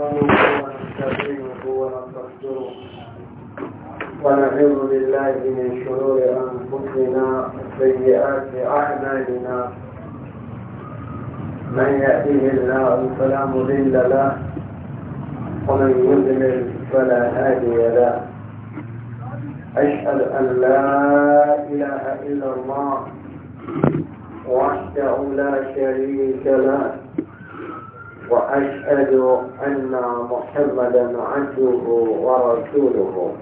ونستعينه ونستغفره ونعوذ بالله من شرور انفسنا وسيئات اعمالنا من يأتيه الله فلا مضل له ومن يضلل فلا هادي له أشهد أن لا إله إلا الله وحده لا شريك له وأشهد أن محمدا عبده ورسوله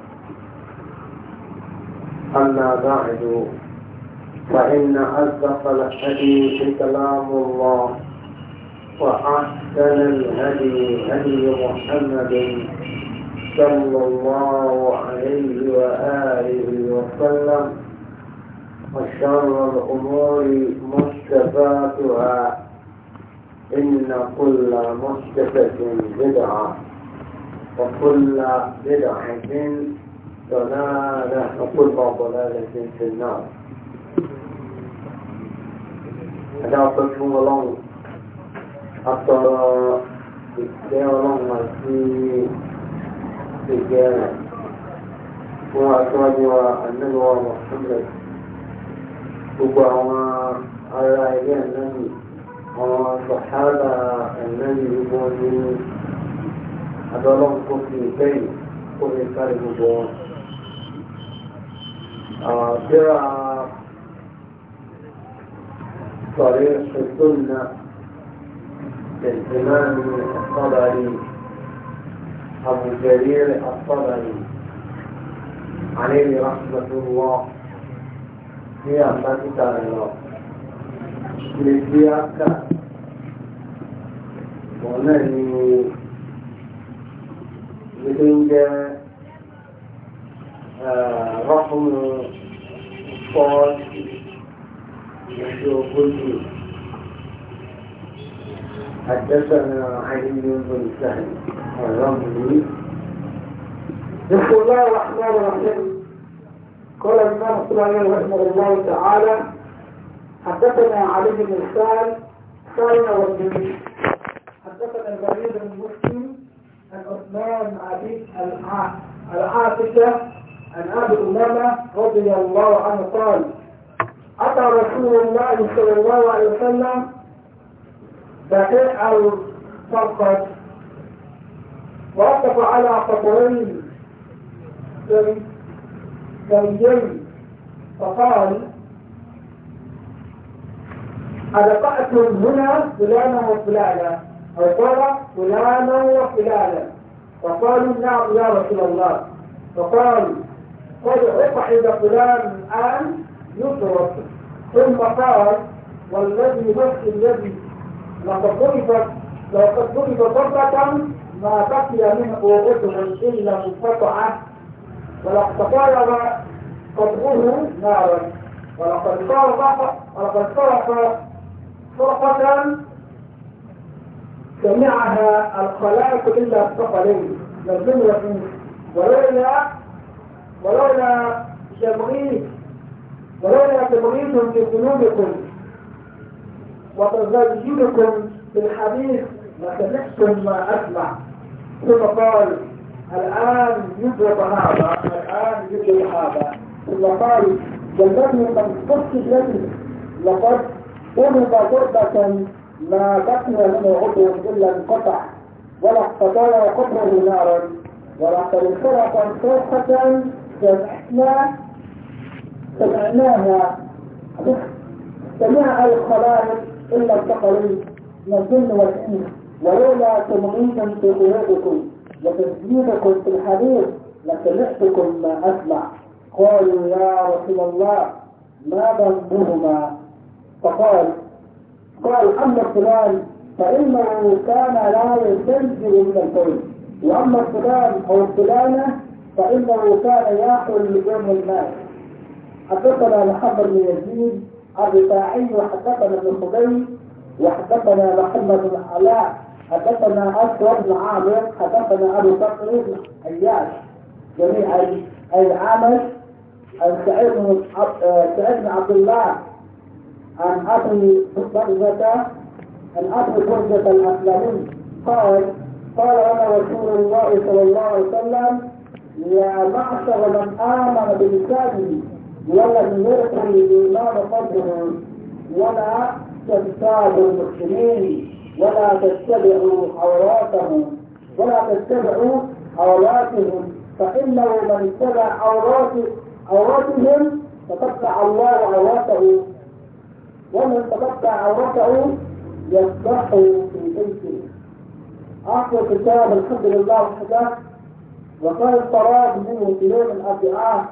أما بعد فإن أصدق الحديث كلام الله وأحسن الهدي هدي محمد صلى الله عليه وآله وسلم وشر الأمور مصطفاتها إن كل محدثة بدعة وكل بدعة ضلالة وكل ضلالة في النار هذا قلتهم الله أطرى الله في الجامع وأتواجه النبوة محمد وقوة على إليه النبي وصحابة النبي يقولون أدولهم كفي بين كل كلمة بوان ترى طريق السنة للإمام الطبري أبو جرير الطبري عليه رحمة الله هي أمة الله lè gbé áká wọn náà ni ilé ń jẹ́ rọ́pùnù fọ́ọ̀tì ìjọ ogójì حدثنا علي بن سهل الرملي بسم الله الرحمن الرحيم قال الإمام الصلاة رحمه الله تعالى حدثنا علي بن سال سالنا والنبي حدثنا البريد بن مسلم عن عثمان علي العاتكة عن أبي أمامة رضي الله عنه قال أتى رسول الله صلى الله عليه وسلم بقيع الفرقد وقف على قبرين سريين فقال ألقأتم هنا فلانا وفلانا أو قال فلانا وفلانا فقالوا نعم يا رسول الله فقالوا قد أقعد فلان الآن يترك ثم قال والذي نفس الذي لقد ضربت لقد ضرب ضربة ما بقي من قوته إلا انقطع ولقد قارب قطعه نارا ولقد صرف ولقد صرف صرفة سمعها الخلائق إلا الثقلين للجملة ولولا ولولا تبغيث ولولا تبغيث في قلوبكم وتزوجكم بالحديث لسمعتم ما أسمع ثم قال الآن يدرك هذا الآن يدرك هذا ثم قال جنتني قد قصت لكم لقد قلب قربة ما بقي من عضو إلا انقطع ولا استطاع قطره نارا ولقد فرقا صرخة سمعنا سمعناها سمع الخلائق إلا التقريب من الجن والإنس ولولا تمعيكم في قلوبكم وتسجيلكم في الحديث لسمعتكم ما أسمع قالوا يا رسول الله ما ذنبهما فقال قال أما فلان فإنه كان لا يستنزل من الكون وأما فلان أو فلانة فإنه كان يأكل لجمع الناس حدثنا محمد بن يزيد الرفاعي وحدثنا ابن خبيب وحدثنا محمد بن علاء حدثنا أسود بن عامر حدثنا أبو بكر بن اياس جميعا العامش آه، سعيد بن عبد الله عن أبي بغزة عن أبي بغزة الأسلمي قال قال أنا رسول الله صلى الله عليه وسلم يا معشر من آمن بلسانه ولم يرقي الإيمان قدره ولا تتبعوا المسلمين ولا تتبعوا عوراتهم ولا تتبعوا عوراتهم فإنه من اتبع عورات عوراتهم فقد الله عوراته ومن تقطع عورته يصبح في بيته اعطى كتاب الحمد لله وحده وكان الطراب منه في يوم الأربعاء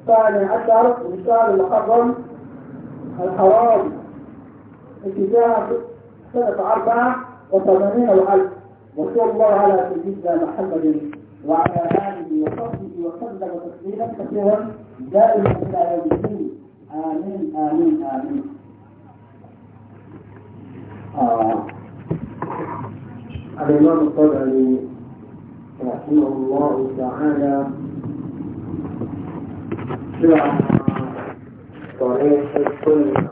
الثاني عشر من شهر المحرم الحرام اتجاه سنة أربعة وثمانين وألف وصلى الله على سيدنا محمد وعلى آله وصحبه وسلم تسليما كثيرا دائما إلى يوم الدين آمين آمين آمين الإمام الطبري رحمه الله تعالى شرع طريق السنة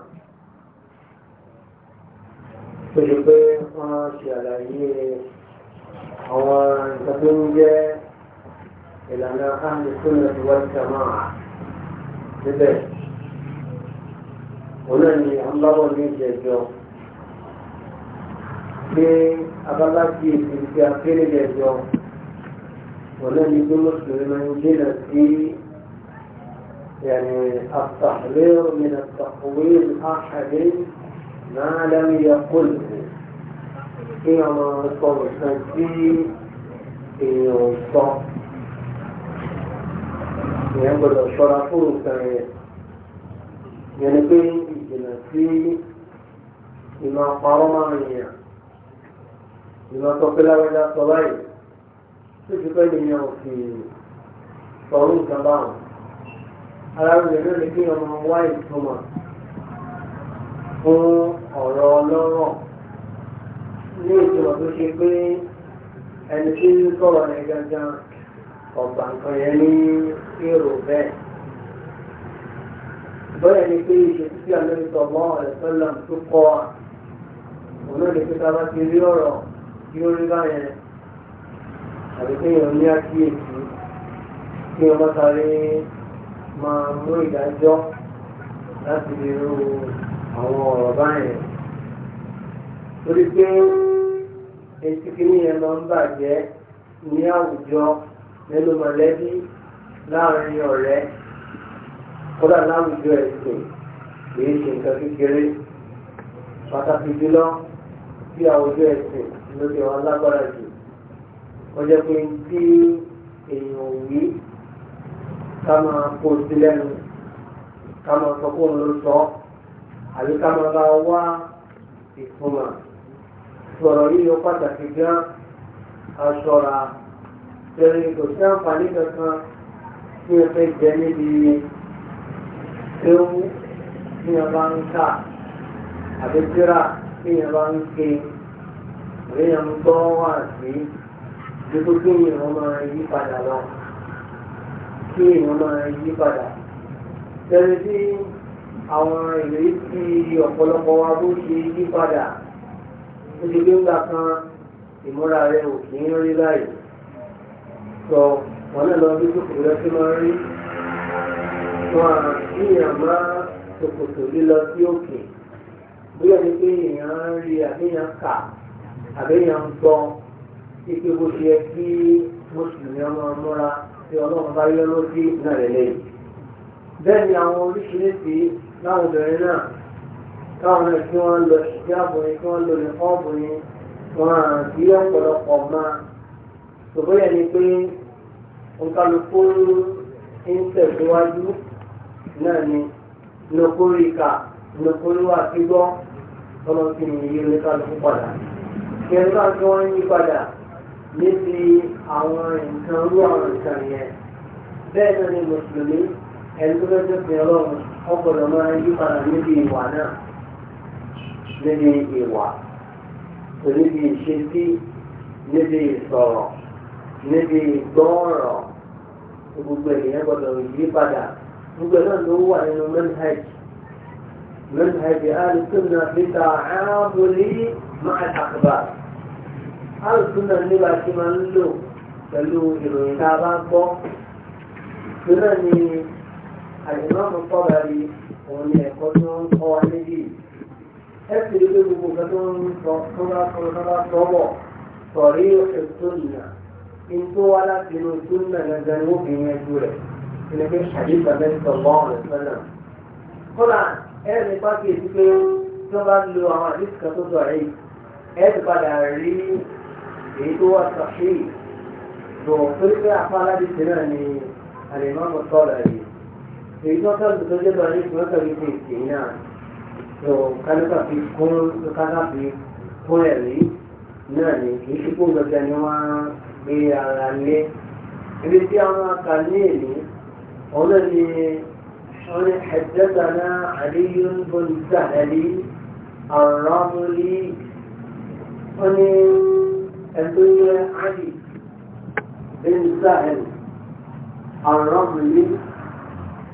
فلبيه وشلاليه هو تقنجة إلى أن أهل السنة والجماعة لبيه هنا اللي عم بابا مين جاي pé abáláṣí ìfìsí akérèlé ẹjọ wọlé ní pé mùsùlùmí máa ń jìnà sí يعني التحرير من التقويم أحد ما لم يقله kí ọmọ ọkọ nǹkan tí èèyàn sọ èèyàn gbọdọ̀ ṣọ́ra fún nǹkan rẹ̀ yẹn ni pé ìjìnà sí ìmọ̀ àpárọ́ máa ń yàn ìmọ̀ sọ pé lágbájá sọ báyìí tó ti pẹ́ nìyẹn ò fi sọ̀rọ̀ nǹkan báwọn arábìnrin náà ní kí ọmọ wá ìtumọ̀ fún ọ̀rọ̀ ọlọ́rọ̀ ní ìtumọ̀ tó ṣe pé ẹni tí ń sọ̀rọ̀ rẹ̀ gangan ọ̀gbà nǹkan yẹn ní èrò bẹ́ẹ̀ bọ́yẹ̀ ni pé ìṣètò tí a lórí sọ̀gbọ́n ọ̀rẹ́ sọ́lá tó kọ́ wa òun náà lè fi ta bá ti rí ọ̀rọ̀ tí ó rí báyẹn àbí kéèyàn ní àkíyèsí kí wọ́n sáré máa mú ìdájọ́ láti lè ro àwọn ọ̀rọ̀ báyẹn. torí pé etí kìíní yẹn máa ń bàjẹ́ ní àwùjọ nínú mọ̀lẹ́bí láàrin ọ̀rẹ́ kódà láwùjọ ẹ̀sìn kìí ṣe nǹkan kékeré pàtàkì jùlọ bí àwùjọ ẹ̀sìn lórí ọ̀rọ̀ alágbára jù wọ́n jẹ́ pé tí èèyàn wí ká máa kó sí lẹ́nu ká máa sọ fóun ló sọ àbí ká máa bá wá ìtumọ̀ sọ̀rọ̀ yìí ló pàtàkì gan aṣọra tẹ̀lé kò sí àǹfààní kankan tí ẹ fẹ́ jẹ níbi ewu tí ẹ bá ń kà àbí tíra tí ẹ bá ń ké èèyàn ń wà sí gbogbo kí èèyàn máa yí padà lọ kí èèyàn máa yí padà tẹ́lẹ̀ tí àwọn ìrètí ọ̀pọ̀lọpọ̀ wa bó ṣe yí padà ó ti gbé ńgbà kan ìmúra rẹ̀ ò kì í rí láyè sọ wọn náà lọ bí kòkòrò rẹ ti máa rí wọn àkíyàn máa ṣòkòtò lílọ sí òkè bóyá ni pé èèyàn rí àbíyàn kà àbẹ́yàn ń gbọ́ ike bó ṣe yẹ kí mùsùlùmí ọmọ múra tí ọlọ́run bá yọ lójú náà rẹ̀ lẹ́yìn. bẹ́ẹ̀ ni àwọn oríṣiríṣi láwọn obìnrin náà káwọn náà kí wọ́n lọ ṣiṣẹ́ àbòyìn kí wọ́n lò ní ọ́ọ̀bùnrin wọn àti ọ̀pọ̀lọpọ̀ máa ṣògbọ́n yẹn ni pé òǹkàlùkù ń tẹ̀síwájú náà ni nokori ka nokori wa ti gbọ́ ọlọ́sìn yìí ló kálukú padà ìyẹn náà tí wọ́n ń yí padà níbi àwọn nǹkan rú àwọn nǹkan yẹn bẹ́ẹ̀ náà ni mùsùlùmí ẹni tó fẹ́ tó fi ọlọ́run ọgbọ̀dọ̀ máa ń yí padà níbi ìwà náà níbi ìwà níbi ìṣesí níbi ìsọ̀rọ̀ níbi ìgbọ́ọ̀rọ̀ gbogbo ènìyàn gbọdọ̀ yí padà gbogbo náà ló wà nínú manhaj manhaj alùpùpù náà fi ta ààbò lé مع الأخبار هل كنا نبقى كما نلو pẹ̀lú ìròyìn tá a bá gbọ́ ìgbéná ni àìmọ́mù kọ́ra rí òun ni ẹ̀kọ́ tí wọ́n ń kọ́ wa níbí ẹ sì rí pé gbogbo nǹkan tí wọ́n ń sọ tó bá sọ tó bá sọ bọ̀ sọ̀rí ètò ìyà kí tó wá láti inú tó ń nàgà gan ni ó fi rẹ̀ ìlú pé ṣàdí ìgbàgbé ń sọ mọ́ ọ̀rẹ́ sọ́nà. kọ́ra ẹ ní pàkíyèsí pé tí bá lo àwọn àdìsí kan tó sọ rẹ̀ ẹ ti padà rí èyí tó wà sàfì bọ̀ torí pé afárá ti tẹ̀lé ní àlèmọ́ mọ́tọ́lá yìí èyí tó kàn tó jẹ́ bá ní ìpínlẹ̀ kan ní kìkì náà tó kálíkà fi kún kálíkà fi kún ẹ̀rí náà ni kì í ṣe kó gbẹgbẹ ni wọ́n gbé ara lé ibi tí àwọn aka ní èlé òun náà ni wọ́n ní حدثنا علي بن سهل الرملي wọ́n ní علي بن سهل الرملي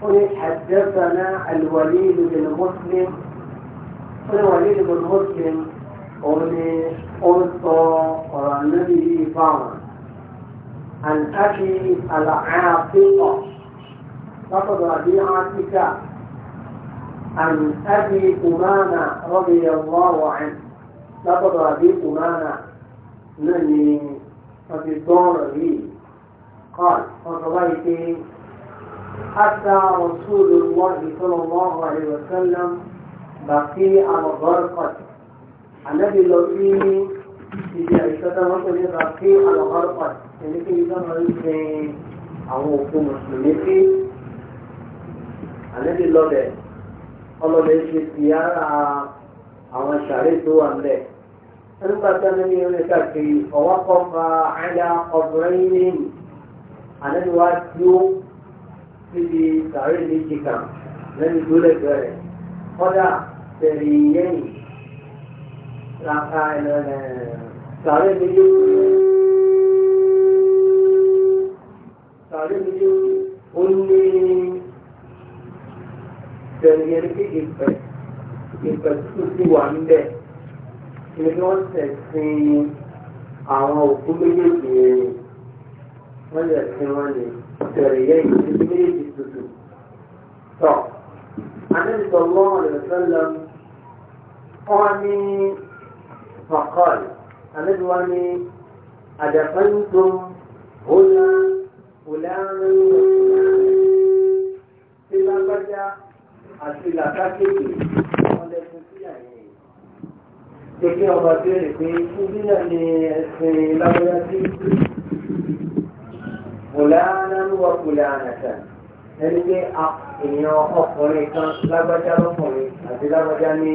قل حدثنا الوليد بن مسلم قل وليد بن مسلم قل قلت قرأ النبي فعلا عن أبي العاقبة لقد ربيعتك عن أبي أمامة رضي الله عنه látọ̀dọ̀ àdínkù náà náà ni wọ́n ti gbọ́ ọ̀rọ̀ yìí قال فضليت حتى رسول الله صلى الله عليه وسلم بقي على غرقة النبي لو فيه ìdí àìsọ́tà wọ́n tó nípa pé àwọn ọ̀pàá ẹni pé ìjọ máa ń sin àwọn òkú mùsùlùmí sí àlẹ́bí lọ́bẹ̀ ọlọ́bẹ̀ ṣe ti àwọn ṣàárẹ̀ wà ń bẹ̀ nígbà tí a ní orí káàkiri ọwọ́ kan fa àyà ọ̀bùnrin ní ànániwá tí ó síbi sàárè méjì kan lẹ́nu tó lẹ́gbẹ̀ẹ́ rẹ̀ kọ́dà tẹ̀lé yẹ́yìn sàárè méjì sàárè méjì ó ní tẹ̀lé yẹ́yìn pé ìpẹ̀ ìpẹ̀ tuntun ti wà níbẹ̀ ni wọ́n tẹ̀sìn àwọn òkú méjèèjì ẹni wọ́n lè fi wọ́n lè tẹ̀rẹ̀ yẹ ìdílé méjèèjì tuntun. tọ́ anábìsọ̀ lọ́wọ́ rẹ̀ sọ́lọ́ wọ́n ní mọ̀kọ́lì anábìwá ní àdàfẹ́ńtò ọ̀nà ọ̀làrin ọ̀sán tí lágbájá àti làkàkèké gẹ́gẹ́ ọba bẹ̀rẹ̀ pé ibi náà ni ẹ̀sìn lábẹ́lá sí kùlánà lúwà kùlánà tà ẹni pé èèyàn ọkùnrin kan lágbájá lọ́kùnrin àti lágbájá ní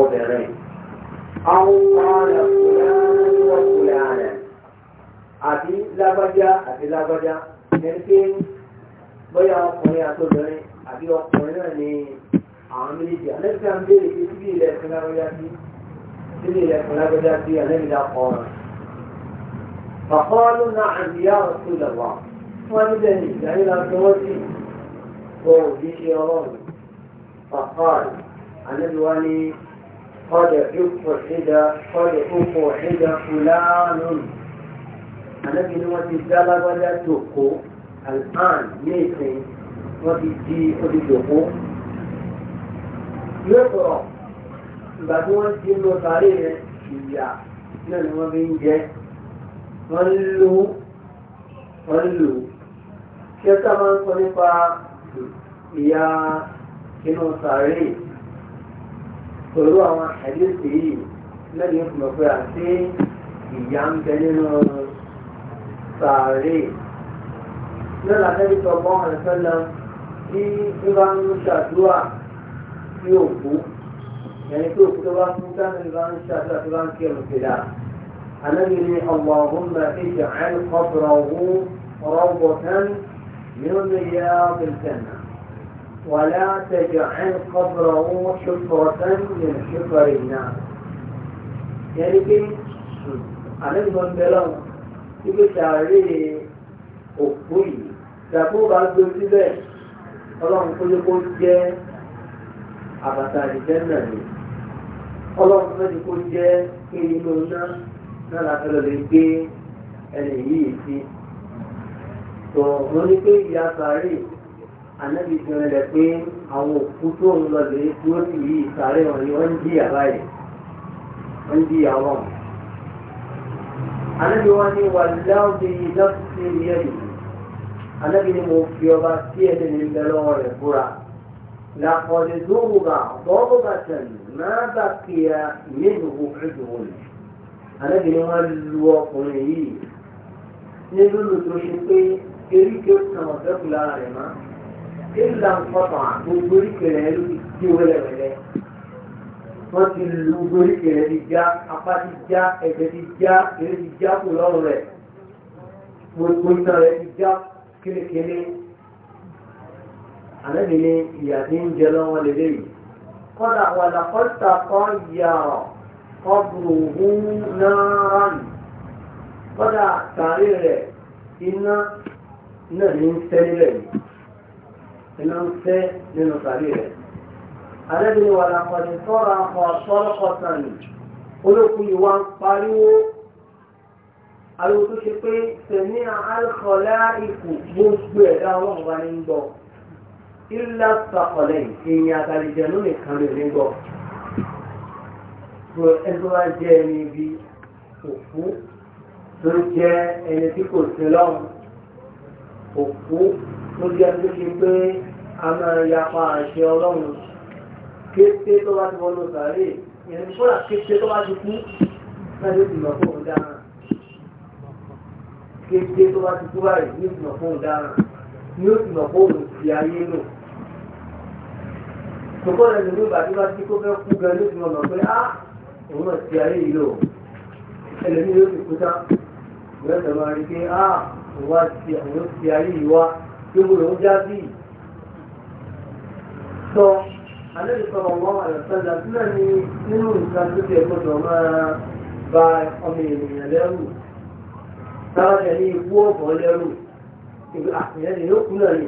obìnrin. àwọn ọ̀nà kùlánà lúwà kùlánà àti lágbájá àti lágbájá ẹni pé bóyá ọkùnrin àti obìnrin àbí ọkùnrin náà ni àwọn méjèèjì. àlẹ́ fi à ń bèèrè pé síbí ilẹ̀ ẹ̀sìn lágbájá sí sílé ilẹ̀kùn lágbẹ́dá sí ẹlẹ́mìdá kọ́ọ̀rọ̀. Fàkọ́ọ́lù náà àdìyá ọ̀sùn lẹ̀wà. Wọ́n níbẹ̀ ní ìdáyé la fi wọ́n sí kó òbí ṣe ọlọ́run. Fàkọ́ọ̀lù àlẹ́lúwa ní kọ́dẹ̀ ìpò ìdá kọ́dẹ̀ ìpò ìdá fúláàánú. Àlẹ́bí ni wọ́n ti dá lágbẹ́dá jòkó àlùfáàn ní ìsìn wọ́n ti di odidòkó. Yóò sọ̀rọ̀ ìgbà tí wọ́n ti lọ sáré rẹ̀ ìyà náà ni wọ́n fi ń jẹ́ wọ́n lò wọ́n lò ṣẹ́ká máa ń sọ nípa ìyà inú sáré pẹ̀lú àwọn àdéhùn yìí lẹ́nu ìfúnmọ̀ pé àti ìyà ń bẹ nínú sáré lọ́la tẹ́lẹ̀ sọ bọ́ ọ̀rẹ́ fẹ́lẹ́ tí ó bá ń ṣàdúrà sí òkú. يعني كل كتبات إنسان الآن الشافعي الآن كيف كذا أنا اللهم اجعل قبره روضة من رياض الجنة ولا تجعل قبره حفرة من حفر النار يعني كي أنا من بلغ ibi sàárè òkú yìí ìgbàgbó bá gbé síbẹ̀ ọlọ́run kó lè kó jẹ́ àbàtà ìjẹ́ náà ni ọlọ́run fẹ́ ti kó jẹ́ inú náà náà la fẹ́ lọ lè gbé ẹni yìí sí. tó wọ́n ní pé ìyá sàárè ànábi fi hàn lẹ̀ pé àwọn òkú tó ń lọ lè dúró sí yìí sàárè wọn ni wọ́n ń jìyà báyìí wọ́n ń jìyà wọn. ànábi wọn ní wà láwùjọ yìí lọ́sí sí ilé yìí ànábi ni mo fi ọba sí ẹni ní bẹ́ẹ̀ lọ́wọ́ rẹ̀ búra. لقد ضرب ضربة ما بقي منه عدو أنا بن والوطني نزل تشقي كريك تمسك لا رما إلا انقطع بوريك لهلو دي ولا ولا wọ́n ti lu borí kèrè ti já apá ti já ẹ̀jẹ̀ ti já kèrè ti já àlẹ́bí ni ìyà tí ń jẹ lọ́wọ́ lélẹ́ yìí kọ́dà wàlà kọ́ta kọ́ yàrá ọ̀bùrùhún náírà nì kọ́dà tàrí rẹ̀ iná náà ní ń fẹ́ nílẹ̀ yìí iná ń fẹ́ nínú tàrí rẹ̀ àlẹ́bí ni wàlà kọ́ni tọ́ra kọ́ sọ́lọ́kọ́ta nì olókùn yìí wá ń pariwo ariwo ṣe pé tẹ̀mí àkọlá ikù gbogbo ẹ̀dá ọlọ́run bá ní gbọ́ ilá sàkọlẹ̀ ìyìn àtàlìjẹ̀nú nìkan lè ní gbọ́ tó ẹjọ́ wá jẹ́ ẹni bí òkú tó jẹ́ ẹni tí kò sí lọ́hùn òkú tó jẹ́ tó ṣe pé a máa yapa àṣẹ ọlọ́run kété tó bá ti wọnú sàárè ìyẹn ní kódà kété tó bá ti kú láti ti mọ̀ fóun dáhùn kété tó bá ti kú báyìí ní ìmọ̀ fóun dáhùn ni ó ti mọ̀ fóun ti ayé lò gbogbo rẹ̀ lórí ìbàdí bá tí kò fẹ́ kú gan ló fi mọ̀ mọ̀ pé á ah, òun náà ti ayé yìí lò ẹlẹ́ni yóò ti kú tán ìwé ẹ̀sẹ̀ máa rí pé á ah, òun wá ti àwọn ti ayé yìí wá tí mo lòún já sí sọ alẹ́ni sọ̀rọ̀ wọn àyọ̀sẹ́lá sílẹ̀ ní nínú nǹkan tó ti ẹ̀kọ́ máa ba ọmọ ènìyàn lẹ́rù sára tẹ̀lé ikú ọ̀bọ̀n lẹ́rù ìgbà àtìlẹ́yìn yóò kú náà ni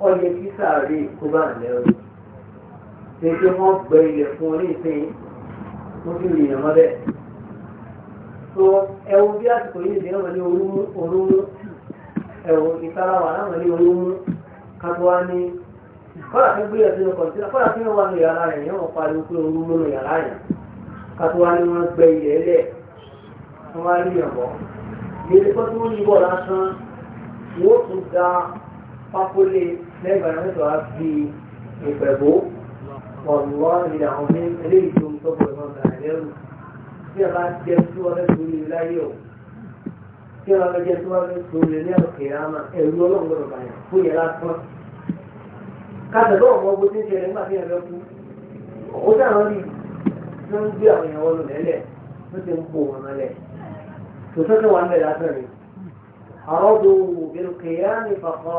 ọyẹ kí sáré kó bá lẹ́rù ṣe pé wọ́n gbẹ ilẹ̀ fún orí ìsìn tó fi lè yàn mọ́lẹ̀ so ẹwọ bí àsìkò yìí lè wọlé orúmú ẹwọ ìtarawa náà wọlé orúmú kápẹ́wá ní kọ́lá fẹ́ gbé ẹ̀sìn ọkọ̀ sílẹ̀ kọ́lá fẹ́ wà ní yàrá rẹ̀ yẹn wọ́n pariwo pé orúmú ní yàrá rẹ̀ kápẹ́wá ní wọ́n gbẹ ilẹ̀ ẹlẹ̀ wọ́n wá rí yàn bọ́ lè kọ́ tí wọ́n lásán wọ́n tún da pápólé lẹ́gbàá náà tó wá fi ìpẹ̀bó ọ̀lọ́ ìrìn àwọn ní eléyìí tó ń tọ́pọ̀ ìmọ̀ bàrà lẹ́rù tí a bá jẹ́ tí wọ́n lẹ́sùn orí láyé o tí a bá jẹ́ tí wọ́n lẹ́sùn orí ní ọ̀kẹ́ àmà ẹ̀rú ọlọ́gbọ̀n bàyà fún yẹ lásán kásẹ̀lọ́ ọmọ ogun tí ń ṣẹlẹ̀ nígbà tí ẹ̀ fẹ́ kú ó dáhùn rí tí wọ́n ń gbé àwọn èèyàn wọnú lẹ́lẹ̀ tó ti ń bò wọn mọ́lẹ̀ tòótọ́ tí wọ́n ń bẹ̀ lásán rí àwọn ọdún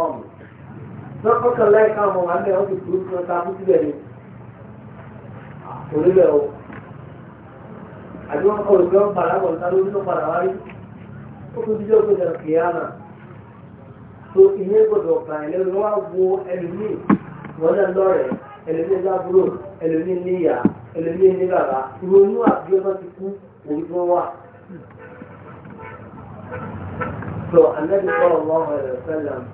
òbí wọ́n kọ́kàn láì ká ọmọ wàá bẹ́ẹ̀ wọ́n ti kúrú fún ọta fún síbẹ̀ ni orílẹ̀ o àbí wọ́n kọ́ òṣèlú ọ̀pá aláwọ̀ ọ̀tá lórí ló padà wáyé ó tún dídé òkè ìjọba kìí àná tó ìyẹn gbọdọ̀ ọ̀pá ẹ̀lẹ́rú wọ́n á wo ẹlòmíì wọ́n náà lọ́rẹ̀ ẹlòmíì lábúrò ẹlòmíì níyà ẹlòmíì ní bàbá ronú àbí ọba ti kú òun tó wà. sọ anábì sọ̀rọ̀ wọn ọ̀rẹ́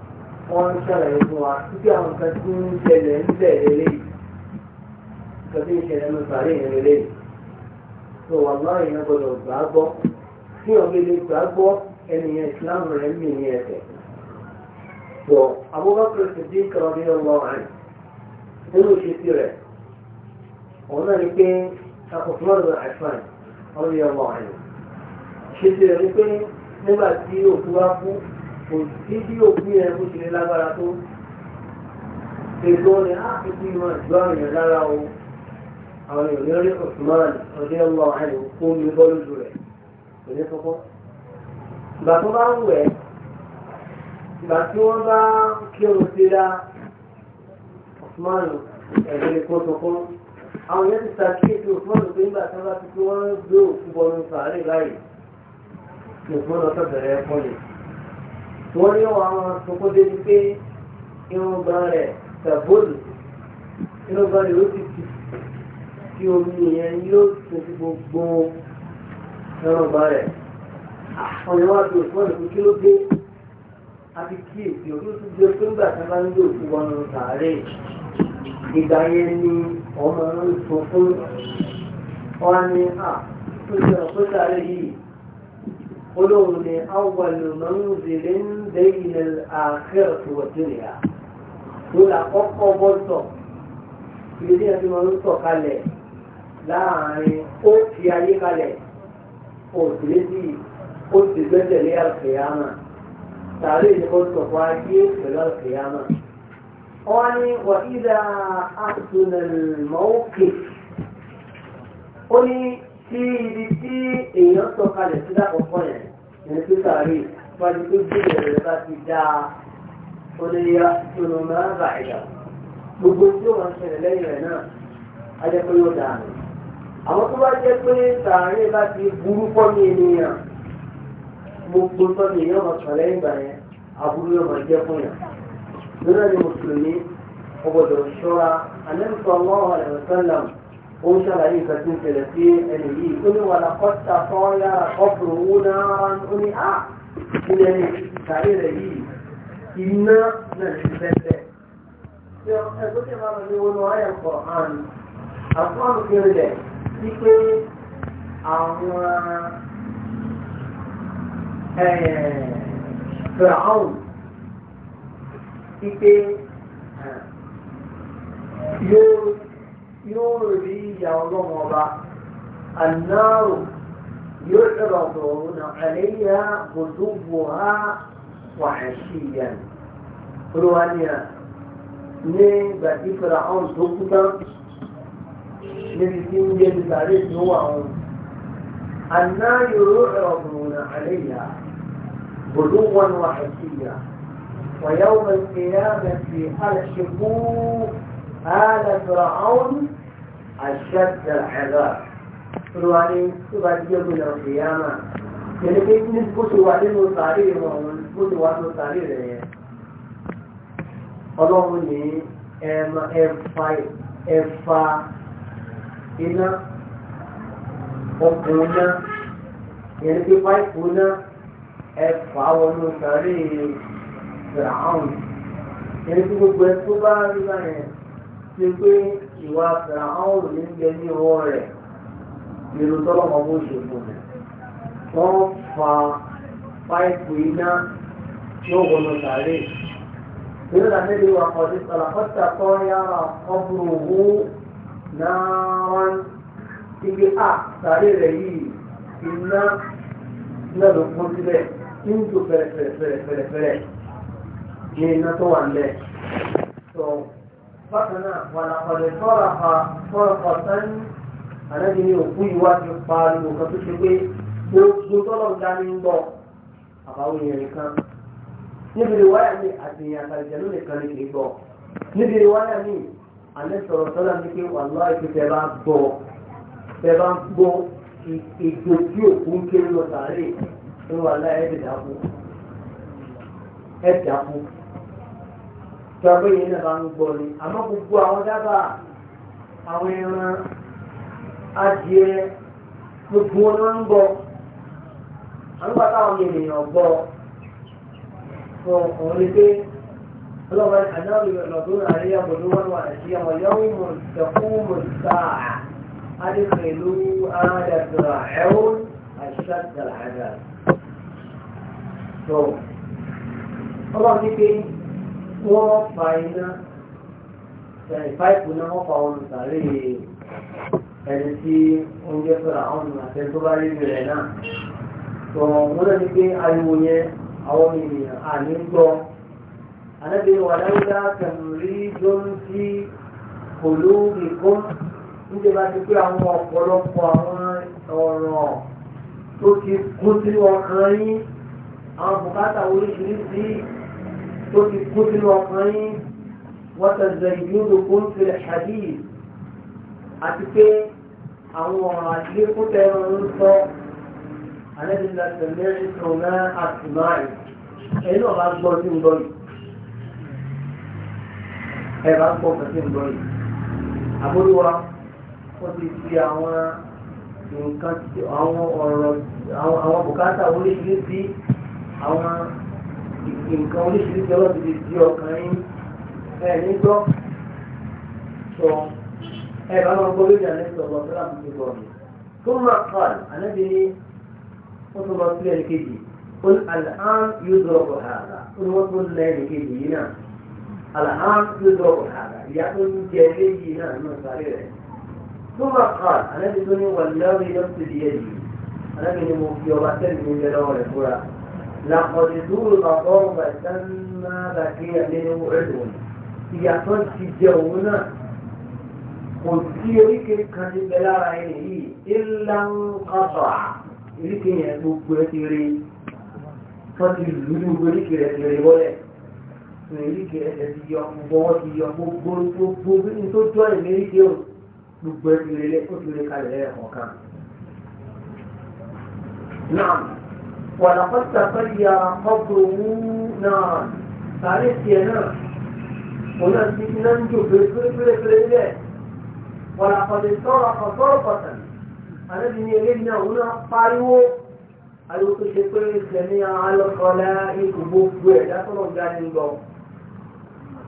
wọ́n ń ṣàlàyé fún wa títí àwọn nǹkan tí ń ṣẹlẹ̀ ń bẹ̀rẹ̀ lé nǹkan tí ń ṣẹlẹ̀ ń sàárè yẹn lélẹ̀ tó wà láàyè náà gbọdọ̀ gbà á gbọ́ tí ọ̀gbẹ́ lè gbà á gbọ́ ẹnìyẹn ìsìláàmù rẹ̀ ń mì ní ẹ̀sẹ̀ tó Abubakar Siddiq kọ̀ọ̀dé ọlọ́ rẹ̀ nínú ìṣesí rẹ̀ òun náà ni pé akọ̀tùmọ̀lù àìsàn ọ̀rẹ́ ọlọ́ rẹ̀ ìṣesí rẹ̀ ni pé nígbà tí òkú wá kú kò sí bí òbí rẹ bó ṣe lè lágbára tó ètò ni á fi fi mọ ìgbà òyìn lára o àwọn èèyàn lórí osman ọdẹ ọmọ àìní kó mi bọ́ lójú rẹ̀ kò ní fọ́fọ́. ìgbà tó bá ń wẹ̀ ìgbà tí wọ́n bá kírun sí ra osman ẹ̀jẹ̀ kó tó kún àwọn yẹn ti ṣàkíyèsí òfúrọ̀lù pé nígbà tí wọ́n bá ti fi wọ́n gbé òkú bọ́ọ̀lù sàárè báyìí òfúrọ̀lù ọ̀tọ̀ bẹ̀rẹ̀ ẹ̀kọ́ yìí wọ́n ní wọ́n àwọn àtúnkò débi pé irun gan rẹ̀ tẹ̀bọ́ọ̀lù irun gan rẹ̀ ló ti tù kí omi yẹn yóò tún fi gbogbo irun gan rẹ̀ ọ̀nà wa ti òṣùwọ̀n ìlú kí ló dé àti kí èsì olóṣù dé pé ńgbà tí a bá ń lò sí wọn nù sàárè ìgbà yẹn ni ọmọ ń sọ fún ọ ní à tó ṣe ọ̀pẹ́ sàárè yìí olóhùn ni awọlù mọ́nzìlì ń lẹ́yìn àkẹ́rẹ̀ tó wà dúnìyà tó là kọ́kọ́ bọ́ sọ ìdí ẹni máa ń sọ kalẹ̀ láàrin ó fi ayé kalẹ̀ òsèlédì ó sì gbẹ́sẹ̀lé àlùkìyàmà tààrí ìdíkọ́ sọ fún ayé pẹ̀lú àlùkìyàmà. wọ́n ní wà ìdá àtúnẹ̀lmọ́ọ́kì ó ní sí ibi tí èèyàn sọ kalẹ̀ sí lákọ̀ọ́kọ́ yẹn ní sísàárì wájú tó gbé ìrẹ̀lẹ̀ bá ti dá oníyá tòun máa ń bà ìdá gbogbo tí ó máa ń ṣẹlẹ̀ lẹ́yìn rẹ̀ náà á jẹ́ pé yóò dáa nù. àwọn tó bá jẹ́ pé sàárè bá ti burú pọ́ ní ènìyàn gbogbo tó ní èèyàn máa sọ̀rọ̀ lẹ́yìn ìgbà yẹn aburú yóò máa jẹ́ fún yàn. lónà ni mùsùlùmí ọgbọ̀dọ̀ ṣọ́ra àlẹ́ ó ń ṣàlàyé nǹkan tí ó ṣẹlẹ̀ sí ẹni yìí ó ní wà lápọ́tà tọ́yà ọ̀pọ̀rọ̀ owó náà ó ní à ah, ilẹ̀ ní ìtàrí rẹ̀ yìí iná náà ti bẹ́ẹ̀ ẹgbẹ́ tí a máa ní wọn ayà pọ̀ hàn àkọ́ọ̀nù kiri rẹ̀ sí pé àwọn fìràhùn sí pé yóò يوري يوم وضع النار يعرضون عليها غدوها وحشيا روانيا ني بدي فرعون ضبطا ني دي دي تاريخ نوعهم النار يعرضون عليها غدوا وحشيا ويوم القيامة في حال الشكوك هذا فرعون أشد العذاب الوالي تبعد يوم القيامة يعني كيف نثبت وعدين وطارير ونثبت وعدين وطارير ọlọ́run ní ẹ̀fà iná ọkùn iná yẹn ní páìpù iná ẹ̀fà wọnú sàárè ìràhùn yẹn ní gbogbo ẹ̀ tó bá rí báyẹn ti gbé ìwà fìràhàn ní bẹ ní ọwọ́ rẹ̀ nínú tọ́lọ́mọ bó ṣe fún mi wọ́n fa páìpù iná tí ó wọnú sàárè nínú làmẹ́lẹ́ wa kọ̀dí sàlàkọ́tà tó yára ọ̀bùrù owó náà wọ́n ti gbé à sàárè rẹ̀ yìí iná náà ló kún sílẹ̀ tí ń tó fẹ̀rẹ̀fẹ̀rẹ̀fẹ̀rẹ̀fẹ̀rẹ̀ ní iná tó wà ń lẹ̀ bákan náà wà lápàdé tọ́ra pa tọ́ra pa sani ànábi ní òkú ìwádìí pariwo kan tó ṣe pé gbogbo tọ́lọ̀ ń dání ń bọ̀ àbáwọ̀ yẹn nìkan níbi ìwà yà ní àtìyàn àtàlìjẹ̀lú nìkan ní kìí gbọ́ níbi ìwà yà ní àlẹ́ sọ̀rọ̀ sọ́lá ní pé wàlúwà ìpè tẹ́ bá gbọ́ tẹ́ bá ń gbọ́ ìjò tí òkú ń kéré lọ sàárè ń wà láyé ẹ̀dẹ̀ dàkú tí a bẹ́yìn náà bá ń gbọ́ ni àmọ́ gbogbo àwọn dábàá àwọn ẹran adìẹ gbogbo wọn ni wọ́n ń gbọ́ àwọn bàtà àwọn ènìyàn gbọ́ fún òun ni pé ọlọ́wọ́ àdáwọ̀ ìrọ̀lọ́dún àríyá bọ̀dún wọn wà sí àwọn yọ̀wù mọ̀tẹ́kù mọ̀tàà adìpẹ̀lú àádàdàrà ẹ̀wọ̀n àṣìṣàdàlà àdà. ọlọ́run ní pé wọ́n fa iná eh, páìpù náà wọ́n fa olùsàárè ẹni tí oúnjẹ fẹ́ra àwọn àtẹ tó bá rí rẹ̀ náà tó wọ́n náà ní pé ariwo yẹn àwọn ènìyàn àní ń gbọ́ anábìrin wà láwùjá tẹ̀mùrí lórí sí kòlóògì kún níbi bá ti pé àwọn ọ̀pọ̀lọpọ̀ àwọn ọ̀rọ̀ tó ti kún sí ọkàn yín àwọn bùkátà oríṣiríṣi تكون في الوطنين وتزيدكم في الحديث أتكي أو أتكي كتير ونصف أنا بالله سمعت وما أسمعت إنه غضبوا في مدري ẹ bá ń pọ̀ kàn sí ń lọ yìí àbúrúwa wọ́n ti fi àwọn nǹkan àwọn ọ̀rọ̀ àwọn bùkátà oríṣiríṣi àwọn nǹkan oríṣiríṣi ọlọ́dún ti di ọkàn yín ẹ̀ ní gbọ́ sọ ẹ bá wọn gbọ́ lórí àlẹ́ sọ̀rọ̀ ọ̀sọ́lá tó ti bọ̀ mí. tó máa kọ́ ànábi ní wọ́n tó máa fi ẹnì kejì ó ní àlàán yóò dọ̀ ọ̀pọ̀ ààrà ó ní wọ́n tó ń lẹ ẹnì kejì yìí náà àlàán yóò dọ̀ ọ̀pọ̀ ààrà ìyá tó ń jẹ léyìí náà nínú sáré rẹ̀. tó máa kọ́ ànábi tó ní wàlúwàlú yóò ti لقد ضرب ضربة ما بقي منه عدو ìyàtọ̀ ti jẹ òun náà kò sí oríkèé kan níbẹ̀ lára ẹni yìí ilá ń kọ́sọ̀ à oríkèé yẹn gbogbo ẹ ti rí tó ti lù ní gbogbo oríkèé rẹ̀ ti rí wọlé tó oríkèé rẹ̀ ti yọ bọ́wọ́ ti yọ gbogbo gbogbo ní tó jọ ẹ̀mí oríkèé o gbogbo ti rí lé ó ti rí kalẹ̀ lẹ́yìn ọ̀kan. náà ولقد تغير قبره نار تعرف يا نار هنا ننجو بالفلفل ولقد صرف صرفة أنا بني لنا هنا قالوا قالوا تشكر الجميع على الخلائق بوفوة لا تنو جانين جو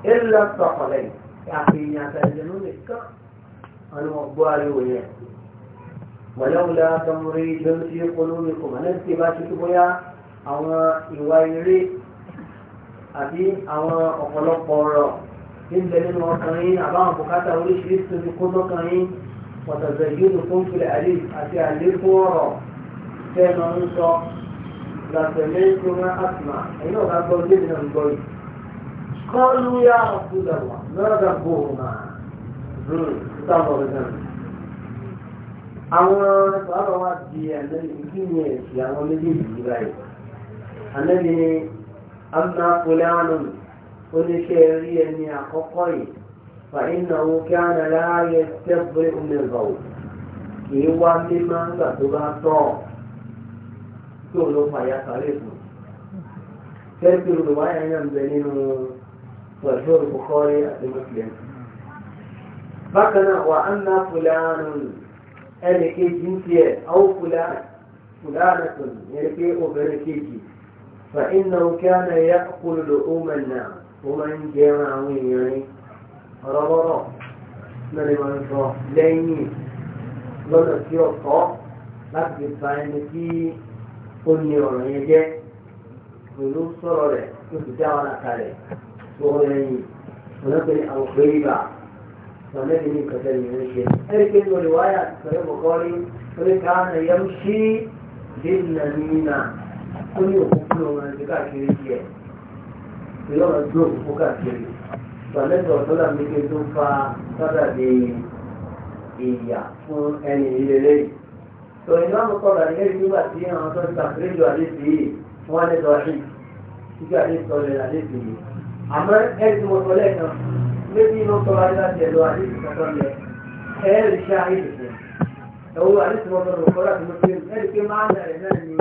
إلا الثقلين يعني يعني تنجنون الكخ أنا أبوالي وياه wàlẹ́wùlá tọmọrí ìjọba tí ó polówó ní kò mọ̀lẹ́ tí bá ti tó bóyá àwọn ìwà eré àbí àwọn ọ̀pọ̀lọpọ̀ ọ̀rọ̀ tí ń bẹ nínú ọkùnrin àbáwọn bùkátà oríṣiríṣi tó ti kó lọ́kùnrin pọ̀tọ̀tọ̀ yìí ló fún fúlẹ̀ àlè àti àlékún ọ̀rọ̀ tẹ́ lọ ń sọ làtẹ̀lé tó rán àtìmá ẹ̀yìn ọ̀gá àwọn sọ̀rọ̀ wa ti ànábi kí ni ẹ̀sìn àwọn méjèèjì yìí báyìí ànábi ni amma fulanu oníṣẹ́ rí ẹni àkọ́kọ́ yìí fa iná wo kí á nà láàyè tẹ́gbẹ́ ya sáré fún tẹ́gbẹ́ olùwáyà náà ń bẹ nínú pẹ̀lú ألكي جنسية أو فلان فلانة يركي أو بركيكي فإنه كان يأكل لؤوم الناس هو من جيما عمين يعني ربا رب من من صار ليني لن أسير الصار لكي فإنكي قلني ورميك ونصر لك كنت جاوانا كالي ونبني أو غريبا فالنبي من كتاب يمشي هذه كلمة رواية صحيح البخاري كان يمشي بالنميمة كل يقول من ذكاء كريسية يوم الدوم فكاء كريسية فالنبي وصلى من كتاب فسبب ìyà fún ẹni ìrẹ̀lẹ̀ tó iná mú kọ́ bàrí ẹ̀rí nígbà tí àwọn tó ń sàkúrẹ́jù àdéhùn yìí wọ́n lè sọ ṣì ìgbà àdéhùn sọ̀rọ̀ àdéhùn yìí àmọ́ ẹ̀rí tí mo sọ lẹ́ẹ̀kan الذي من طلائلات الوالد تسمي خير الشاهد هو عرفت مصدر القرآن المسلم ذلك معنى إنني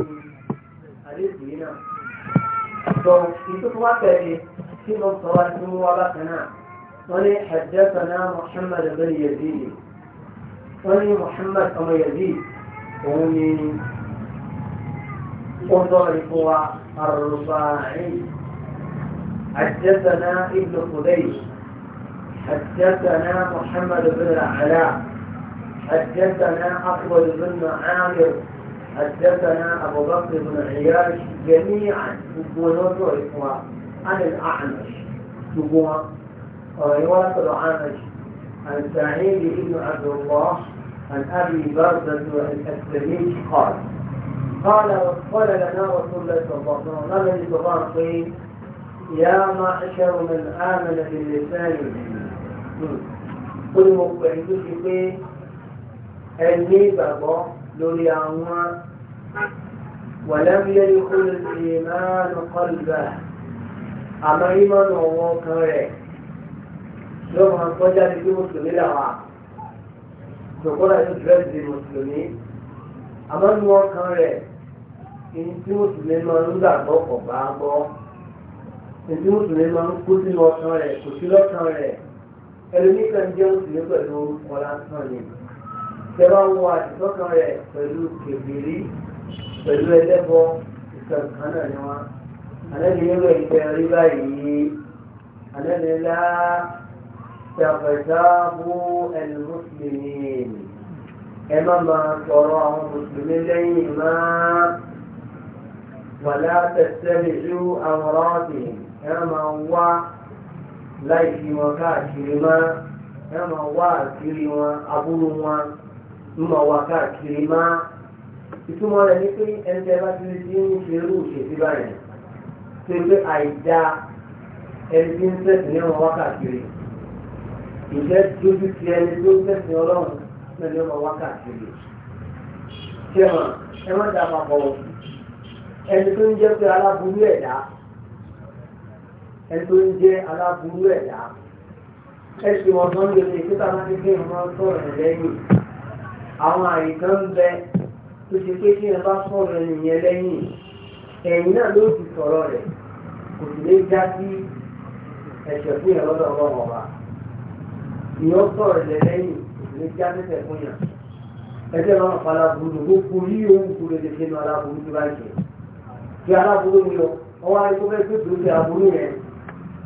عرفت هنا دونك في تطواتي في من طلائلات موالاقنا ولي حدثنا محمد بن يزيد ولي محمد أم يزيد ومن وضعف الرباعي حدثنا ابن خديج حدثنا محمد بن علاء حدثنا أقبل بن عامر حدثنا أبو بكر بن عياش جميعا يقولون رحمه عن الأعمش يقول رواية الأعمش عن سعيد بن عبد الله عن أبي بردة الأسلمي قال قال وقال لنا رسول الله صلى الله عليه وسلم الذي تضاقي يا معشر من آمن باللسان ó ní mo pẹ̀lú tó ṣe pé ẹ ìgbàgbọ́ lórí àwọn wàlẹ́mílẹ́ ikú lè ṣe máa ń kọ́ lùgbà àmọ́ ìmọ̀nà ọ̀wọ́ kan rẹ̀ yóò máa kọ́ jáde bí mùsùlùmí làwà ṣòkòrò yóò dúró di mùsùlùmí àmọ́ ní wọ́n kan rẹ̀ tí mùsùlùmí máa ń gbàgbọ́ kọ̀ bá gbọ́ tí mùsùlùmí máa ń kú sínú ọkàn rẹ̀ ẹlòmíkà ń jẹun sílé pẹ̀lú orúkọ lásán ni ìjọba ń wọ àdìsọ́kàn rẹ̀ pẹ̀lú kèbìrí pẹ̀lú ẹlẹ́bọ ìkàkàn náà ni wọn àlẹ́bìnrin rẹ̀ ìfẹ́ rí báyìí àlẹ́bìnrin lá tàfẹ̀dáàbò ẹni mùsùlùmí ẹ má máa sọ̀rọ̀ àwọn mùsùlùmí lẹ́yìn máa wàlá tẹ̀sẹ̀ lè ju àwòrán ọ̀sìn ẹ má máa wá láì fi wọn káàkiri má ẹ máa wá àkiri wọn abúrú wọn ń máa wá káàkiri má ìtumọ̀ rẹ̀ ní pé ẹni tẹ́ bá ti ti ń ṣe irú ìṣèṣì báyìí ṣe pé àìdá ẹni tí ń tẹ̀sí ní ọmọ wákàkiri ìjẹ́ dójú ti ẹni tó ń tẹ̀sí ọlọ́run náà ní ọmọ wákàkiri ṣé wọn ẹ má dá papọ̀ ẹni tó ń jẹ́ pé aláburú ẹ̀dá ẹni tó ń jẹ́ aláburú ẹ̀dá ẹ ṣe ọ̀dọ́ ní ilé títà láti kí ìrún máa sọ̀rọ̀ ẹ̀ lẹ́yìn àwọn àìsàn ń bẹ tó ṣe pé kí ẹ bá sọ̀rọ̀ ẹni yẹn lẹ́yìn ẹ̀yìn náà ló ti sọ̀rọ̀ rẹ̀ kò sì lè já sí ẹ̀ṣẹ̀ fún yẹn lọ́dọ̀ ọlọ́run ọba ìyẹn sọ̀rọ̀ ẹ̀ lẹ́yìn kò sì lè já sẹ́sẹ̀ fún yẹn ẹgbẹ́ náà fa aláburú gbogbo yí ohun kò lè ṣe nu aláburú tó bá jẹ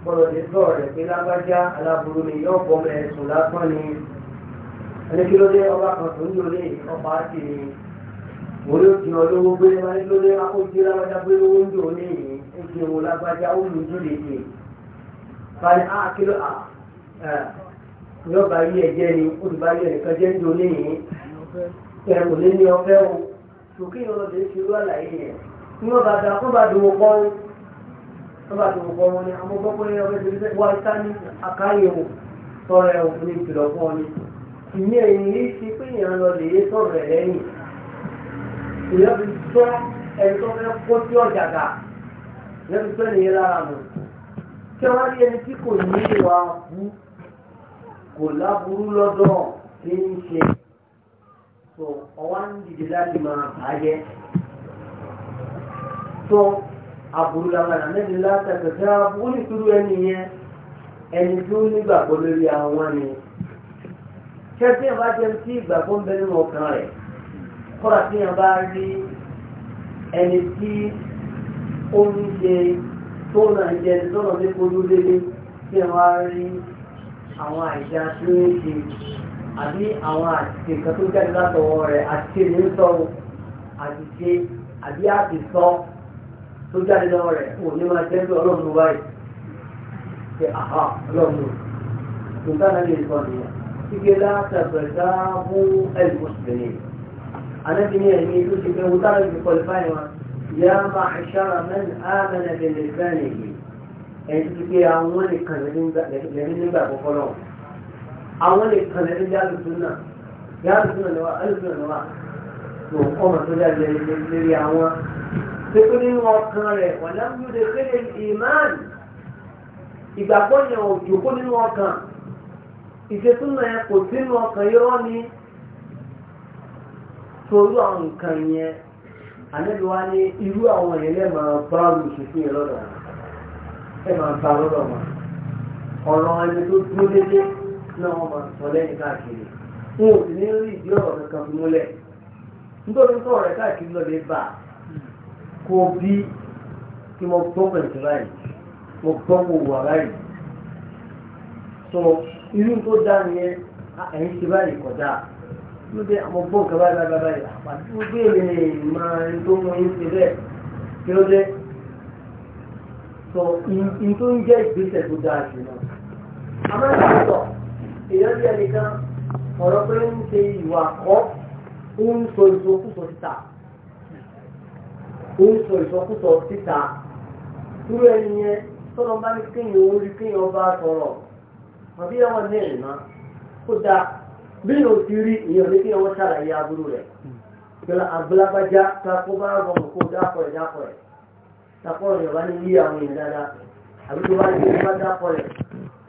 gbọ́dọ̀ lè sọ̀rọ̀ rẹ̀ pé lágbájá aláburú ni yóò bọ́ mẹ́ ẹ̀sùn lásán ni ẹni kí ló dé ọba kan tó ń lò lé ọba àti ni mo ló di ọlọ́wọ́ gbé wá ní lóde akójú lágbájá gbé lówó ń lò ní yìí ó ti wo lágbájá ó lù ú lè dè báyìí á kí ló à ah, yóò bá yí ẹ̀jẹ̀ ni ó ti bá yí ẹnìkan jẹ́ ń lò ní yìí ẹ̀ kò ní ní ọfẹ́ o tòkí ìrọ̀lọ́dẹ̀ ti rú àlàyé yẹn ní wọ́n bá da kó bá dùn tọ́ba tó gbọ́ wọn ni àwọn gbọ́ pé ọbẹ̀ tó ṣe wá ìta ní àkáyẹ̀wò sọ̀rọ̀ ẹ̀wò ní ìkìlọ̀ fún ọ ni ìyẹn èyí ṣe pé èèyàn lọ lè yé sọ̀rọ̀ ẹ̀ lẹ́yìn èèyàn fi tọ́ ẹni tó fẹ́ kó sí ọ̀jàgà èèyàn fi tọ́ ẹnìyẹn nù kí wọ́n rí ẹni tí kò ní ìwà bú kò láburú lọ́dọ̀ tí ń ṣe tó ọwá ń dìde láti máa bàá jẹ́ aburú lágbára níbi látàgbẹ̀ tí aburú nìkúrú ẹni yẹn ẹni tó nígbàgbọ́ lórí àwọn ni kẹ́tí ẹ̀ bá jẹ́ tí ìgbàgbọ́ ń bẹ nínú ọkàn rẹ̀ kọ́ra tí ẹ̀ bá rí ẹni tí ó ń ṣe tó náà jẹ tọ́nà tí kò dúró délé tí ẹ̀ wá rí àwọn àìsàn tó ń ṣe àbí àwọn àti nǹkan tó jáde látọwọ́ àti ṣe ní àti ṣe àbí àti sọ tó jáde lọ́wọ́ rẹ̀ wò ní máa jẹ́ pé ọlọ́run ló báyìí pé àhá ọlọ́run ló tó dára lè sọ nìyẹn kíkẹ́ látàgbẹ̀dá mú ẹ̀lú mùsùlùmí àlẹ́bí ní ẹ̀mí tó ti fẹ́ wọ́n dára lè kọlifá yẹn wa yá máa ṣára mẹ́rin ámẹ́rin lè fẹ́ nìyí ẹ̀yìn tó ti pé àwọn nìkan lẹ́ni nígbà àkọ́kọ́ náà àwọn nìkan lẹ́ni jáde tó náà jáde tó náà lọ́wọ́ pépé nínú ọkàn rẹ̀ wàlámúdé kéde ìmán ìgbàgbọ́ yọrọ ni ní irú àwọn yẹn lè máa bá olùṣèṣin ọ̀rọ̀ ẹni tó dúró déédéé náà wọ́n máa sọ lẹ́yìn káàkiri wọn ò sì ní rí ìdí ọ̀rọ̀ kankan múlẹ̀ kó bí kí mo gbọ́ pẹ̀lú ráì mo gbọ́ mo wà ráì sọ irú tó dá nìyẹn ẹ̀yìn ti ráì kọjá ló dé àmọ́ gbọ́ nǹkan báyìí báyìí báyìí àpàtì ó béèrè máa ń tó mọ yín ṣe bẹ́ẹ̀ kí ló dé sọ in tó ń jẹ́ ìgbésẹ̀ tó dáa jù lọ. àmọ́ ìgbésọ̀ èèyàn bí ẹnìkan ọ̀rọ̀ pé ń ṣe ìwà kọ́ ń sọ ìsọkúsọ síta ó ń sọ ìsọkúsọ síta irú ẹni yẹn tọ́lọ́ bá ní kéèyàn ó rí kéèyàn bá sọ̀rọ̀ àbí àwọn ní ẹ̀nà ó da bí yóò ti rí ìyẹn ní kéèyàn wọ́n ṣàlàyé aburú rẹ̀ ìgbàlá àgbélábájá takó bá rọrùn kó dápọ̀ rẹ̀ dápọ̀ rẹ̀ takó rẹ̀ bá ní yí àwọn èèyàn dáadáa àbí tó bá ní yí bá dápọ̀ rẹ̀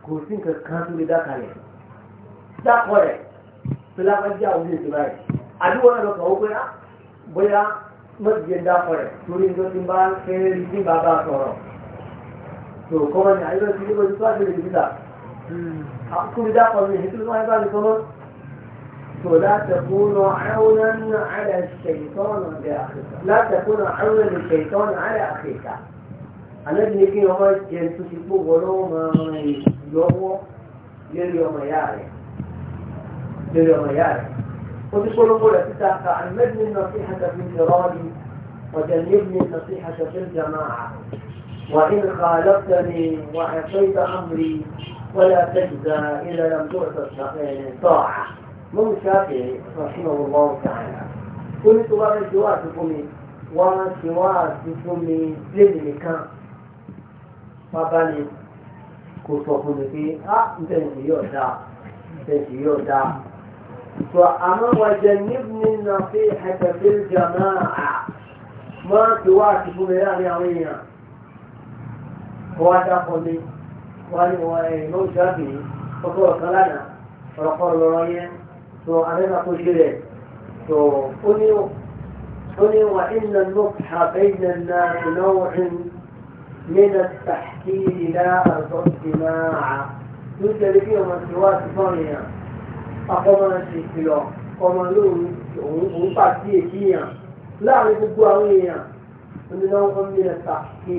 kò sí nǹkan kan tó lè dákalẹ̀ rẹ̀ pẹ̀lábájá òun ní ìtura rẹ̀ mọ́tìjẹ́ ń dápọ̀ rẹ̀ torí ní tó ti bá ń fẹ́ rí sí bàbá sọ̀rọ̀ tó kọ́ mọ́ ní àyè lọ́sí ní ojú tó àti lè dìbìtà àkúrú dápọ̀ mi èyí tó wáyé bá mi sọ mọ́ tó látẹ̀kúnà àwọn àlẹ́ ṣèyítọ́nà àlẹ́ àkẹ́kà alẹ́ ní kí ọmọ jẹ tó ti kó wọlé ọmọ ìyọwọ́ lórí ọmọ ìyá rẹ̀ lórí ọmọ ìyá rẹ̀ وبصلب عن فعمدني النصيحة في انفرادي وجنبني النصيحة في الجماعة وإن خالفتني وعصيت أمري ولا تجزى إلا لم تعطى الطاعة من شافعي رحمه الله تعالى قلت بقى سواسكم وسواسكم لابنك فبالي kò sọ fún mi pé ah ntẹ̀sí yóò dáa ntẹ̀sí yóò فأنا وجنبني النصيحة في الجماعة ما تواكب بلاد يوميا وأنا وإمام شافعي فقول كلانا فقول لرأيين فأنا أقول كده فأني وإن النصح بين الناس نوع من التحكيم لا الاجتماع يوجد فيهم من سواه akọ́mọ ti ọmọ lóru òun òun pàtí èyí láàrin gbogbo àwọn èèyàn onínáwó ní ẹ̀ta kí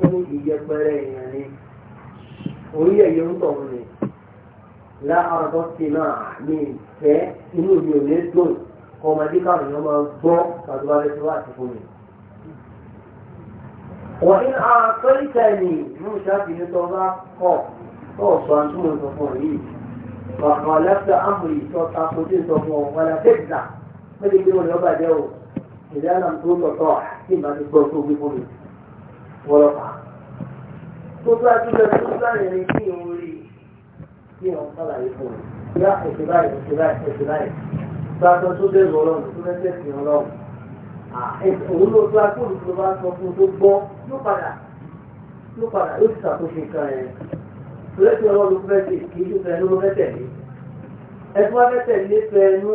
ó ní ìyẹpẹrẹ èèyàn ni orí ẹ̀yẹ ń tọ̀ ní láàárọ̀ sí náà ní ìfẹ́ inú mi ò ní dùn ọmọdé káwọn èèyàn máa gbọ́ kàdúrà lẹ́sẹ̀ wá sí mi. wọ́n ní àkọ́lítà ẹ̀yìn mú ìṣáàfin ní bá kọ̀ tó ọ̀sán tí mo sọ yìí ọ̀lẹ́fẹ̀ amòye sọ tako tí sọ fún ọ wọlé fẹ́ẹ̀dà mẹ́lẹ̀ bí wọn lọ́ba jẹ́ o ìdí àlàm tó lọ́tọ̀ kí màá ti gbọ́ tó gbé fún mi wọlọ́pàá. tó tó a ti lọ sí ọgbà yẹn ni kí n rí kí n sàlàyé fún mi. ìyá ẹ̀sìn báyìí ẹ̀sìn báyìí ẹ̀sìn báyìí tó a sọ tó bẹ̀rù ọlọ́run tó fẹ́ fẹ́ fi ọlọ́run. òun ló tó a kó olùkọ́ bá sọ fún tó gbọ́ ló padà ló padà ló lẹ́sìn ọwọ́ ló fẹ́ ṣe kì í ṣe fẹ́ẹ́nu ló fẹ́ tẹ̀lé ẹtú wá fẹ́ tẹ̀lé fẹ́ẹ́nu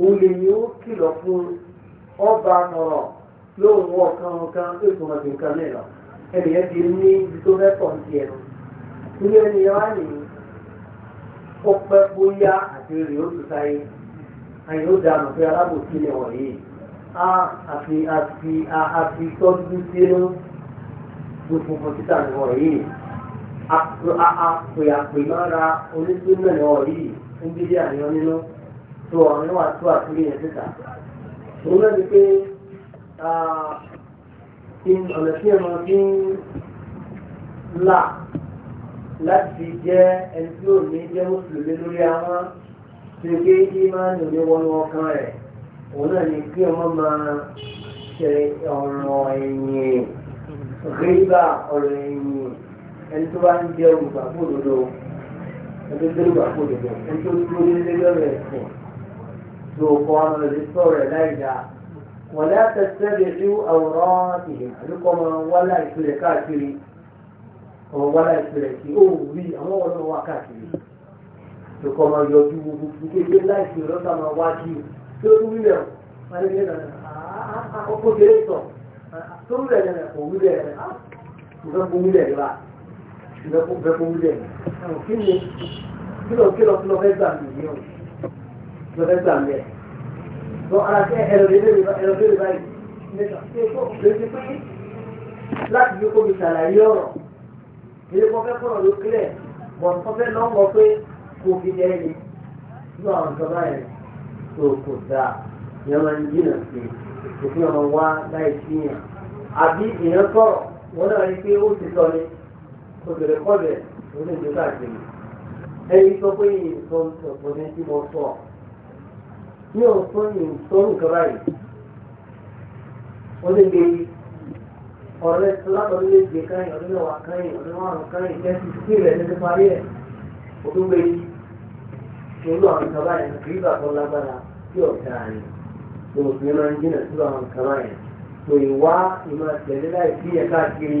òun lè ní ó kìlọ̀ fún ọba nọ̀rọ̀ lóun wọ kan kan ni, ìfún ọ̀sìn kan mìíràn ẹnìyẹn ti ní ibi tó fẹ́ pọ̀ sí ẹnu ilé ènìyàn wá nìyí ó pẹ́ bóyá àti rèé ó tún sáyé àyìn ó dànù pé alábòsí ni wọ̀nyí a àfi àfi àfi tọ́jú sínú gbogbo kọ̀ǹpútà ni wọ̀nyí àpè àpè mára onísúnmọ̀ náà rí fún bíbí àníyàn nínú tó àwọn wà tó àtúrí yẹn síta. òun náà ni pé ọ̀nà tí ẹ̀ máa fi ń là láti jẹ́ ẹni tí ò ní jẹ́ mùsùlùmí lórí àwọn tí ó gé ìmáàlì ní wọnú ọkàn rẹ̀ òun náà ni kí ọmọ máa ṣe ọ̀rọ̀ ẹ̀yìn rí bá ọ̀rọ̀ ẹ̀yìn ẹni tó bá ń jẹ olùgbàgbọ́ òdodo ẹni tó jẹ́ olùgbàgbọ́ òdodo ẹni tó dúró ní ilé rẹ̀ sùn tó kọ́ ọmọ rẹ̀ sọ̀rọ̀ ẹ̀ láì dáa wọ́n lé àtẹ̀sẹ́bẹ̀ sí àwòrán ìhìn àdúgbò ọmọ wálá ìpìlẹ̀ káàkiri ọmọ wálá ìpìlẹ̀ kí ó wí àwọn ọ̀rọ̀ wà káàkiri tó kọ́ ọmọ yọjú gbogbo kéde láì fi ọ̀rọ̀ sáà máa wájú ah, ah, ah, tó wí rẹ̀ wọ́n lé ọkọ̀ kéré sọ̀ bẹ́kún bẹ́kún wúlẹ̀ kí ni kí lọ kí lọ kí lọ fẹ́ gbà mí yẹn o lọ fẹ́ gbà mí ẹ̀ lọ ara kẹ ẹlòmílẹ̀ ẹlòmílẹ̀ báyìí nígbà tí ó kọ́ lóṣù pé láti yókò mi ṣàlàyé ọ̀rọ̀ ilé kọ́ fẹ́ kọ́rọ̀ ló kílẹ̀ bọ̀ kọ́ fẹ́ lọ́wọ́ pé kò fi jẹ́ ẹni ní àwọn nǹkan báyìí tó kò dáa ìyẹn máa ń jìnà sí òfin ọmọ wa láì síyàn àbí ìyẹn sọ̀rọ̀ wọn náà rí pé ó ti sọ ni òbẹ̀rẹ̀ kọ́lẹ̀ òun lè dé káàkiri ẹyin sọ pé ìsọ ọ̀pọ̀ ní tí mo sọ ní ọ̀sán ìsọ nǹkan báyìí ó lè gbé ọ̀rẹ́ látọ̀ lè gbé káyìn ọdún mẹ́wàá káyìn ọdún márùn-ún káyìn kẹ́sì sí rẹ̀ ní pípa rí ẹ̀ ó tún gbé ìlú àwọn nǹkan báyìí kì í bàtọ́ lágbára tí ọ̀gá rẹ̀ ló mùsùlùmí máa ń jìnà sí àwọn nǹkan báyìí lòyìn wá ìmọ̀ àtẹ̀lé láì sí ẹ̀ka kiri.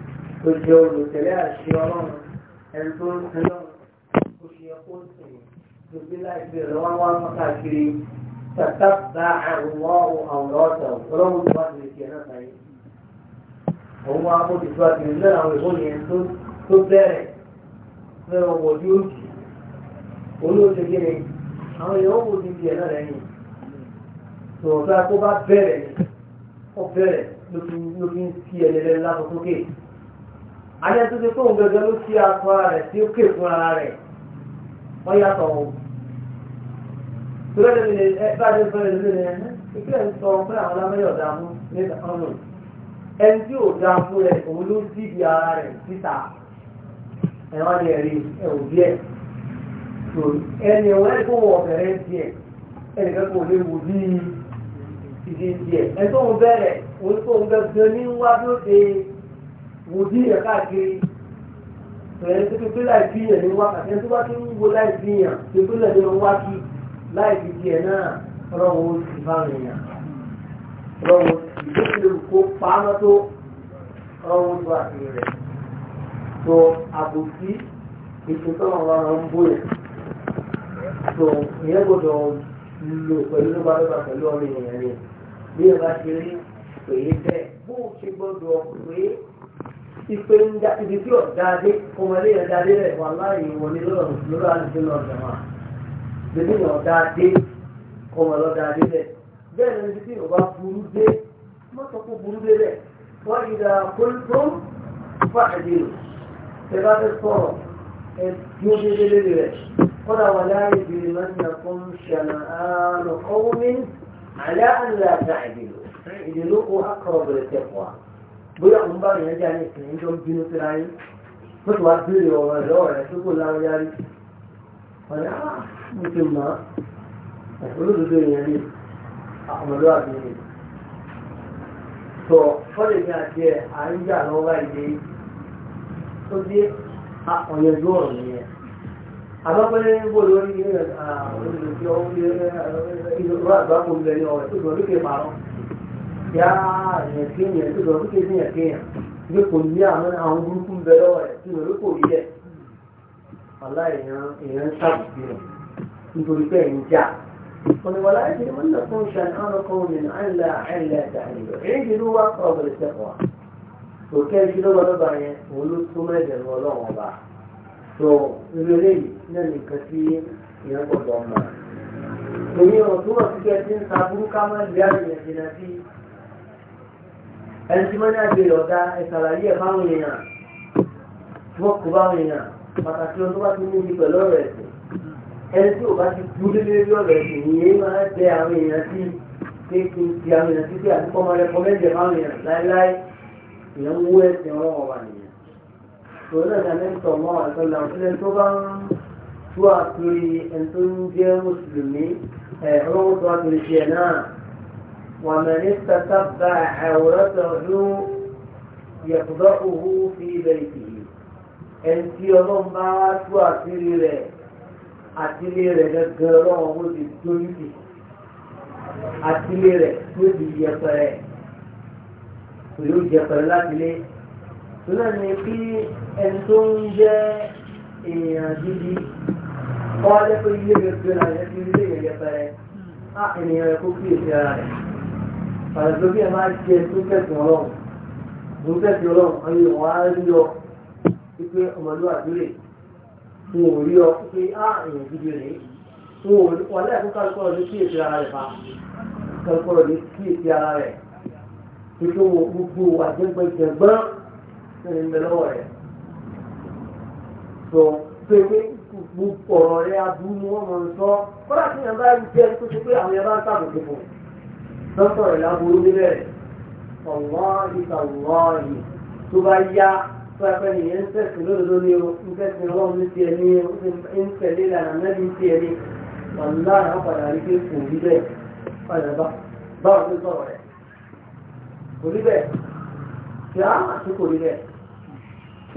tó jẹ́ olùtẹ̀lé àṣẹ ọlọ́run ẹni tó ń sin lọ́run ó ṣe yẹ kó sìn lóbi láìpẹ́ rẹ̀ wọ́n wá mọ́ káàkiri tàtà bá àrùn ọ̀hún àwọn ọ̀tọ̀ ọlọ́run tó wá ti lè tiẹ̀ náà sáyé òun wá bó ti tó àti nílẹ̀ àwọn ìbò yẹn tó bẹ̀rẹ̀ lẹ́nu ọ̀wọ̀ bí ó jì olóòtú kí ni àwọn èèyàn wò ní tiẹ̀ náà lẹ́yìn tòun tó bá bẹ̀rẹ̀ ó bẹ̀rẹ̀ ló fi ń fi ẹlẹ́lẹ́ lásán sókè alẹ́ tó ti tó ń gẹ́gẹ́ ló ti akọ ara rẹ̀ tí ó ké fún ara rẹ̀ wọ́n yàtọ̀ o. Tòlẹ́ ní ẹ bá dé fẹ́rẹ̀ lórí rẹ̀ ìpínlẹ̀ ń sọ pé àwọn alámẹ́yẹ̀ ọ̀dà ní ọ̀nà. Ẹni tí ò da mú òun ló sì di ara rẹ̀ síta. Ẹ̀wọ́n ni ẹ̀rí ẹ̀ ò bí ẹ̀. Ẹni ẹ̀wọ́n ẹ̀ kó wọ ọ̀bẹ̀rẹ̀ díẹ̀. Ẹnì kan kò lè wò bí ìdí díẹ̀. Ẹ̀ tó ń bẹ̀rẹ̀ òun tó ń bẹ̀ mo dí yẹn káàkiri ẹ̀yìn tó pépé láì fi yẹn ní wákàtí ẹni tó bá ti ń wo láì fi yẹn pépé lẹ̀ ní wákì láì fi tiẹ̀ náà rọ̀wọ́ sì bá rìn yàn rọ̀wọ́ sì tó fi lè kó pamọ́ tó rọ̀wọ́ tó àkiri rẹ̀ tó àbòsí ètò tó wọn wọn ń bó yẹn tó ìyẹn gbọdọ̀ lò pẹ̀lú ló bá lọ́ba pẹ̀lú ọmọ ènìyàn ni bí ẹ bá ṣe rí pé bẹ́ẹ̀ bó o ṣe gbọdọ̀ pé ipe ń já ibi tí ọ̀dáadé ọmọdé yẹn dáadé rẹ̀ wà láàyè wọlé lọ́rọ̀ lọ́rọ̀ àdìsí lọ́rọ̀ jọ̀mọ́ bébí yẹn ọ̀dáadé ọmọ lọ́dáadé rẹ̀ bẹ́ẹ̀ ni ibi tí yorùbá burú dé mọ́tò kó burú dé rẹ̀ wọ́n yìí dáa kóńtó fà ẹ̀dí rẹ̀ ẹ bá fẹ́ ẹ dúró déédéé lé rẹ̀ kọ́dà wà láàyè bìrì mọ́tò kún ṣẹlẹ̀ ààrùn ọ̀wọ́mí àlẹ́ àlẹ́ àti àìdìlú ìdìlú kó akọ̀rọ̀ bẹ̀rẹ̀ tẹ̀kọ̀ọ́ bóyá òun bá rìn ẹja ní ìsìn ìjọ ń bínú síra yín ó ti wá béèrè ọ̀rọ̀ ìlọ́wọ́ rẹ̀ tó kò láwọn yárí ọ̀rẹ́ á mo ti mọ̀ ọ́ olódodo yẹn ni ọmọdé wà bí mi tó fọ́lẹ̀ ní àti ẹ̀ à ń yà lọ́wọ́ báyìí tó dé ọ̀yẹ̀dú ọ̀rọ̀ nìyẹn àbápẹ́lẹ́ ń bò lórí olódodo tí ọ̀hún ilé ìlú àgbà kò ń bẹ ní Ya, èèyàn kéèyàn tó lọ sókè sí èèyàn kéèyàn ìgbé kò ní àwọn àwọn burúkú ń bẹ lọ́wọ́ rẹ̀ tí ìrọ̀lẹ́ kò rí ẹ̀ aláìyàn èèyàn ń ṣàbùkù rẹ̀ nítorí pé ẹ̀yìn já wọ́n ni wọ́n láyé ti wọ́n lọ fún ṣan àwọn kan ní àìlà àìlà àtàlẹ́ èyí ti ló wá kọ́ ọ̀bẹ̀rẹ̀ sẹ́kọ̀ọ́ òkè ẹ̀jú lọ́wọ́ lọ́ba yẹn òun ló tún mẹ́jẹ̀ lọ lọ́wọ́ ọba tó irú eléyìí náà nìkan tí èèyàn gbọ́dọ̀ mọ̀ èyí ò túbọ̀ sí kẹ́ ti ń ta ẹni tí wọ́n ní àgbèrè ọ̀dá ẹ̀sàlàyé ẹ̀ fáwọn èèyàn tí wọ́n kó báwọn èèyàn pàtàkì ohun tó bá ti níbi pẹ̀lú ọ̀rọ̀ ẹ̀sìn ẹni tí ò bá ti kú lélé lórí ọ̀rọ̀ ẹ̀sìn yìí máa bẹ àwọn èèyàn sí kéèkì ti àwọn èèyàn sí pé àtúkọ́ máa rẹ kọ́mẹ́ǹdì fáwọn èèyàn láéláé èèyàn wó ẹ̀sìn ọ̀rọ̀ ọ̀wà nìyẹn tòun náà ní ẹni tọ̀ mọ́ àtọ́lá òṣèlú tó bá ń tú àtúrí ẹni tó ń jẹ́ mùsùlùmí ẹ̀ ọlọ́wọ́ tó àtúrí tiẹ̀ náà ومن استتبع عورته يقضأه في بيته ẹni tí ọlọ́run bá wá tú àtìrí rẹ̀ àtìrí rẹ̀ gẹ́gẹ́ ọlọ́run ó ti dórí sí àtìrí rẹ̀ tó ti yẹpẹrẹ kò yóò yẹpẹrẹ láti lé tó ni kí ẹni tó ń jẹ́ èèyàn gidi wọ́n á ilé gẹ́gẹ́ náà yẹ ilé yẹpẹrẹ á ènìyàn rẹ̀ kó kí èsì ara rẹ̀ àlejò bí ẹ máa jẹ tó tẹ̀sán ọlọ́run tó tẹ̀sán ọlọ́run ayé wọn á rí ọ pípé ọmọlúwàbí rè wọn ò rí ọ pípé á èèyàn gidi rè wọn ò wọn lẹ́yìn fún kálukọ́rọ̀ ní kí èsì ara rẹ̀ fa kálukọ́rọ̀ ní kí èsì ara rẹ̀ pípé wọn gbogbo wà jẹ́gbẹ́jẹ̀gbọ́n ní ìgbẹ́ lọ́wọ́ rẹ̀ sọ pé pé gbogbo ọ̀rọ̀ rẹ̀ aburú ni wọ́n mọ̀ ń sọ kọ́lá tí yẹn bá jẹ́ tó pé àwọn yẹn ń sábò sọ́sọ̀rọ̀ láburú níbẹ̀ ọ̀wọ́ọ̀lì ọ̀wọ́ọ̀lì tó bá yá tó ẹgbẹ́ nìyẹn ń tẹ̀sìn lódodo ní o ń tẹ̀sìn ọlọ́run ní tiẹ̀ ní o ń tẹ̀lé ìlànà mẹ́rin tiẹ̀ ní wàlúwà náà padà rí pé kò rí bẹ́ẹ̀ padà bá báwọn tó sọ̀rọ̀ rẹ̀ kò rí bẹ́ẹ̀ kí á àti kò rí bẹ́ẹ̀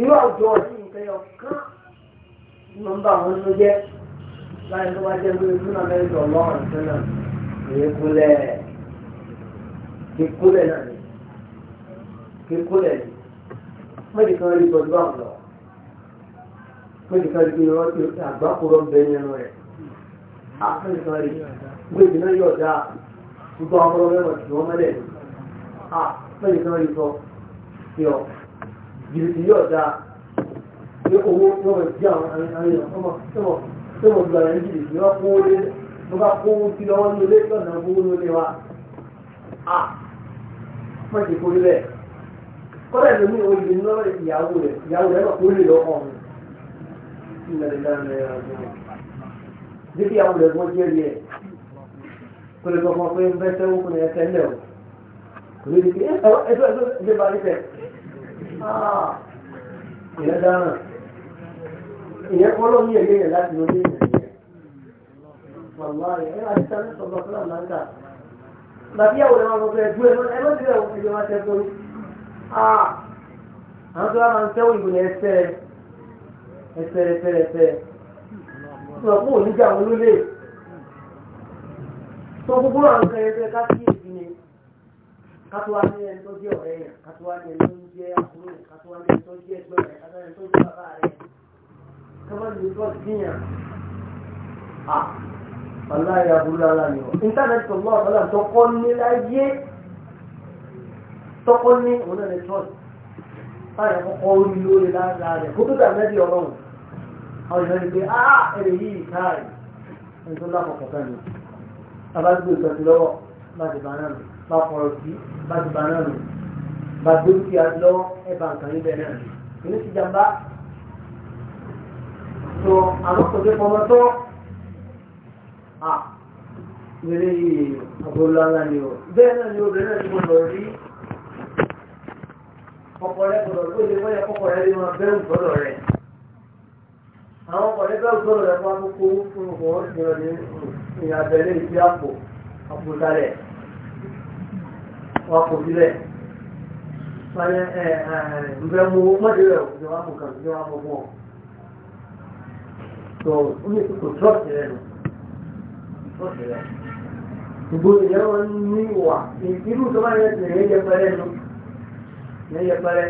irú àwùjọ ọ̀sìn ìfẹ́ ọ̀kan ní wọ́n bá àwọn ló jẹ́ láyé tó bá jẹ́ lórí fún àmẹ́ríkà ọlọ́run sẹ́nà èékúlẹ̀ 結構でない。結構でない。まじかわりとバンド。まじかわりあ、バコロンベニアのえ。あ、まじかわり。ウェブのようだ。ウバコロンベニアのようだ。あ、まじかわりと。よ。ギリギリよだ。よくじあ、あでも、でも、それは、いいですよ。は、こう、昨あ、má ṣe forí rẹ̀ kọ́lá ìlú mi ò lè ìyàwó rẹ̀ ìyàwó rẹ̀ náà kó lọ ọ̀hún ìlànà ìlànà ìlànà bí kí àwọn ẹ̀gbọ́n jẹ́ rí ẹ̀ kó lè gbọ́n ń bẹ́ sẹ́wọ́n ìyẹn kọ́ ló ní ẹ̀yẹ́ yẹn láti lórí ìyẹn wàlúwà rẹ̀ ẹ̀ àti sáré sọ̀rọ̀ fúlàní bàbí ìyàwó rẹ̀ máa sọ pé ẹ̀dú ẹ̀ lọ́nà ẹ̀rọ ti rẹ̀ wọ́n fi máa tẹ́ sórí. àwọn tó bá máa ń tẹ́wọ̀ ìbò yẹn ẹsẹ̀ ẹsẹ̀ ẹsẹ̀ ẹsẹ̀ sọ fún oníjà wọn lólè. tó gbogbo àwọn kan ẹsẹ̀ ká sí èdè ni ká tó wá ní ẹni tó jẹ́ ọ̀rẹ́ yẹn ká tó wá ní ẹni tó jẹ́ àbúrò yẹn ká tó wá ní ẹni tó jẹ́ ẹgbẹ́ rẹ̀ ká tó wá ní ẹni tó jẹ́ bàbá aláì aburú ara ni ọ íńtánẹ́ẹ̀tì tó lọ́wọ́ tọ́lá tọkọ ní láyé tọkọ ní òun náà ní trọ́ọ̀tì táyà kọ́kọ́ orí lórí lára rẹ̀ kó tó dàbí ẹbí ọlọ́run àwọn ìfẹ́ ni pé á ah, èrè yìí káàì ẹni tó lápapọ̀ fẹ́ mi abájú ìtọ́jú lọ́wọ́ láti bá náà mi bá kọ̀rọ̀ sí láti bá náà mi bá gbé dúkìá lọ́wọ́ ẹ̀ nǹkan níbẹ̀ náà mi ìlú ti jàmbá tó àwọn kò dé fọmọ tó nílé ah, àbúrúláńlá ni ó bẹ́ẹ̀ náà ni obìnrin náà ti mọ̀ lọ rí ọkọ̀rẹ́ kọ̀rọ̀ tó lè wọ́yẹ kọ́kọ̀rẹ́ lé wọn bẹ́ẹ̀ gbọ́dọ̀ rẹ̀ àwọn ọkọ̀rẹ́ bẹ́ẹ̀ gbọ́dọ̀ rẹ̀ fún akókó fún ọkọ̀ ìrọ̀ ní ìyá abẹ́lé ìdí àpò àpòsálẹ̀ wọn kò sílẹ̀ wọn ẹ ẹ ẹ ǹbẹ́ mú mọ́tò rẹ̀ òkùnjọ́ wọn kò kàn sí wọn kò mọ̀ gbogbo ìyẹn wọn ní ìwà irú tó bá yẹ ti rèé yẹpẹrẹ nu ní yẹpẹrẹ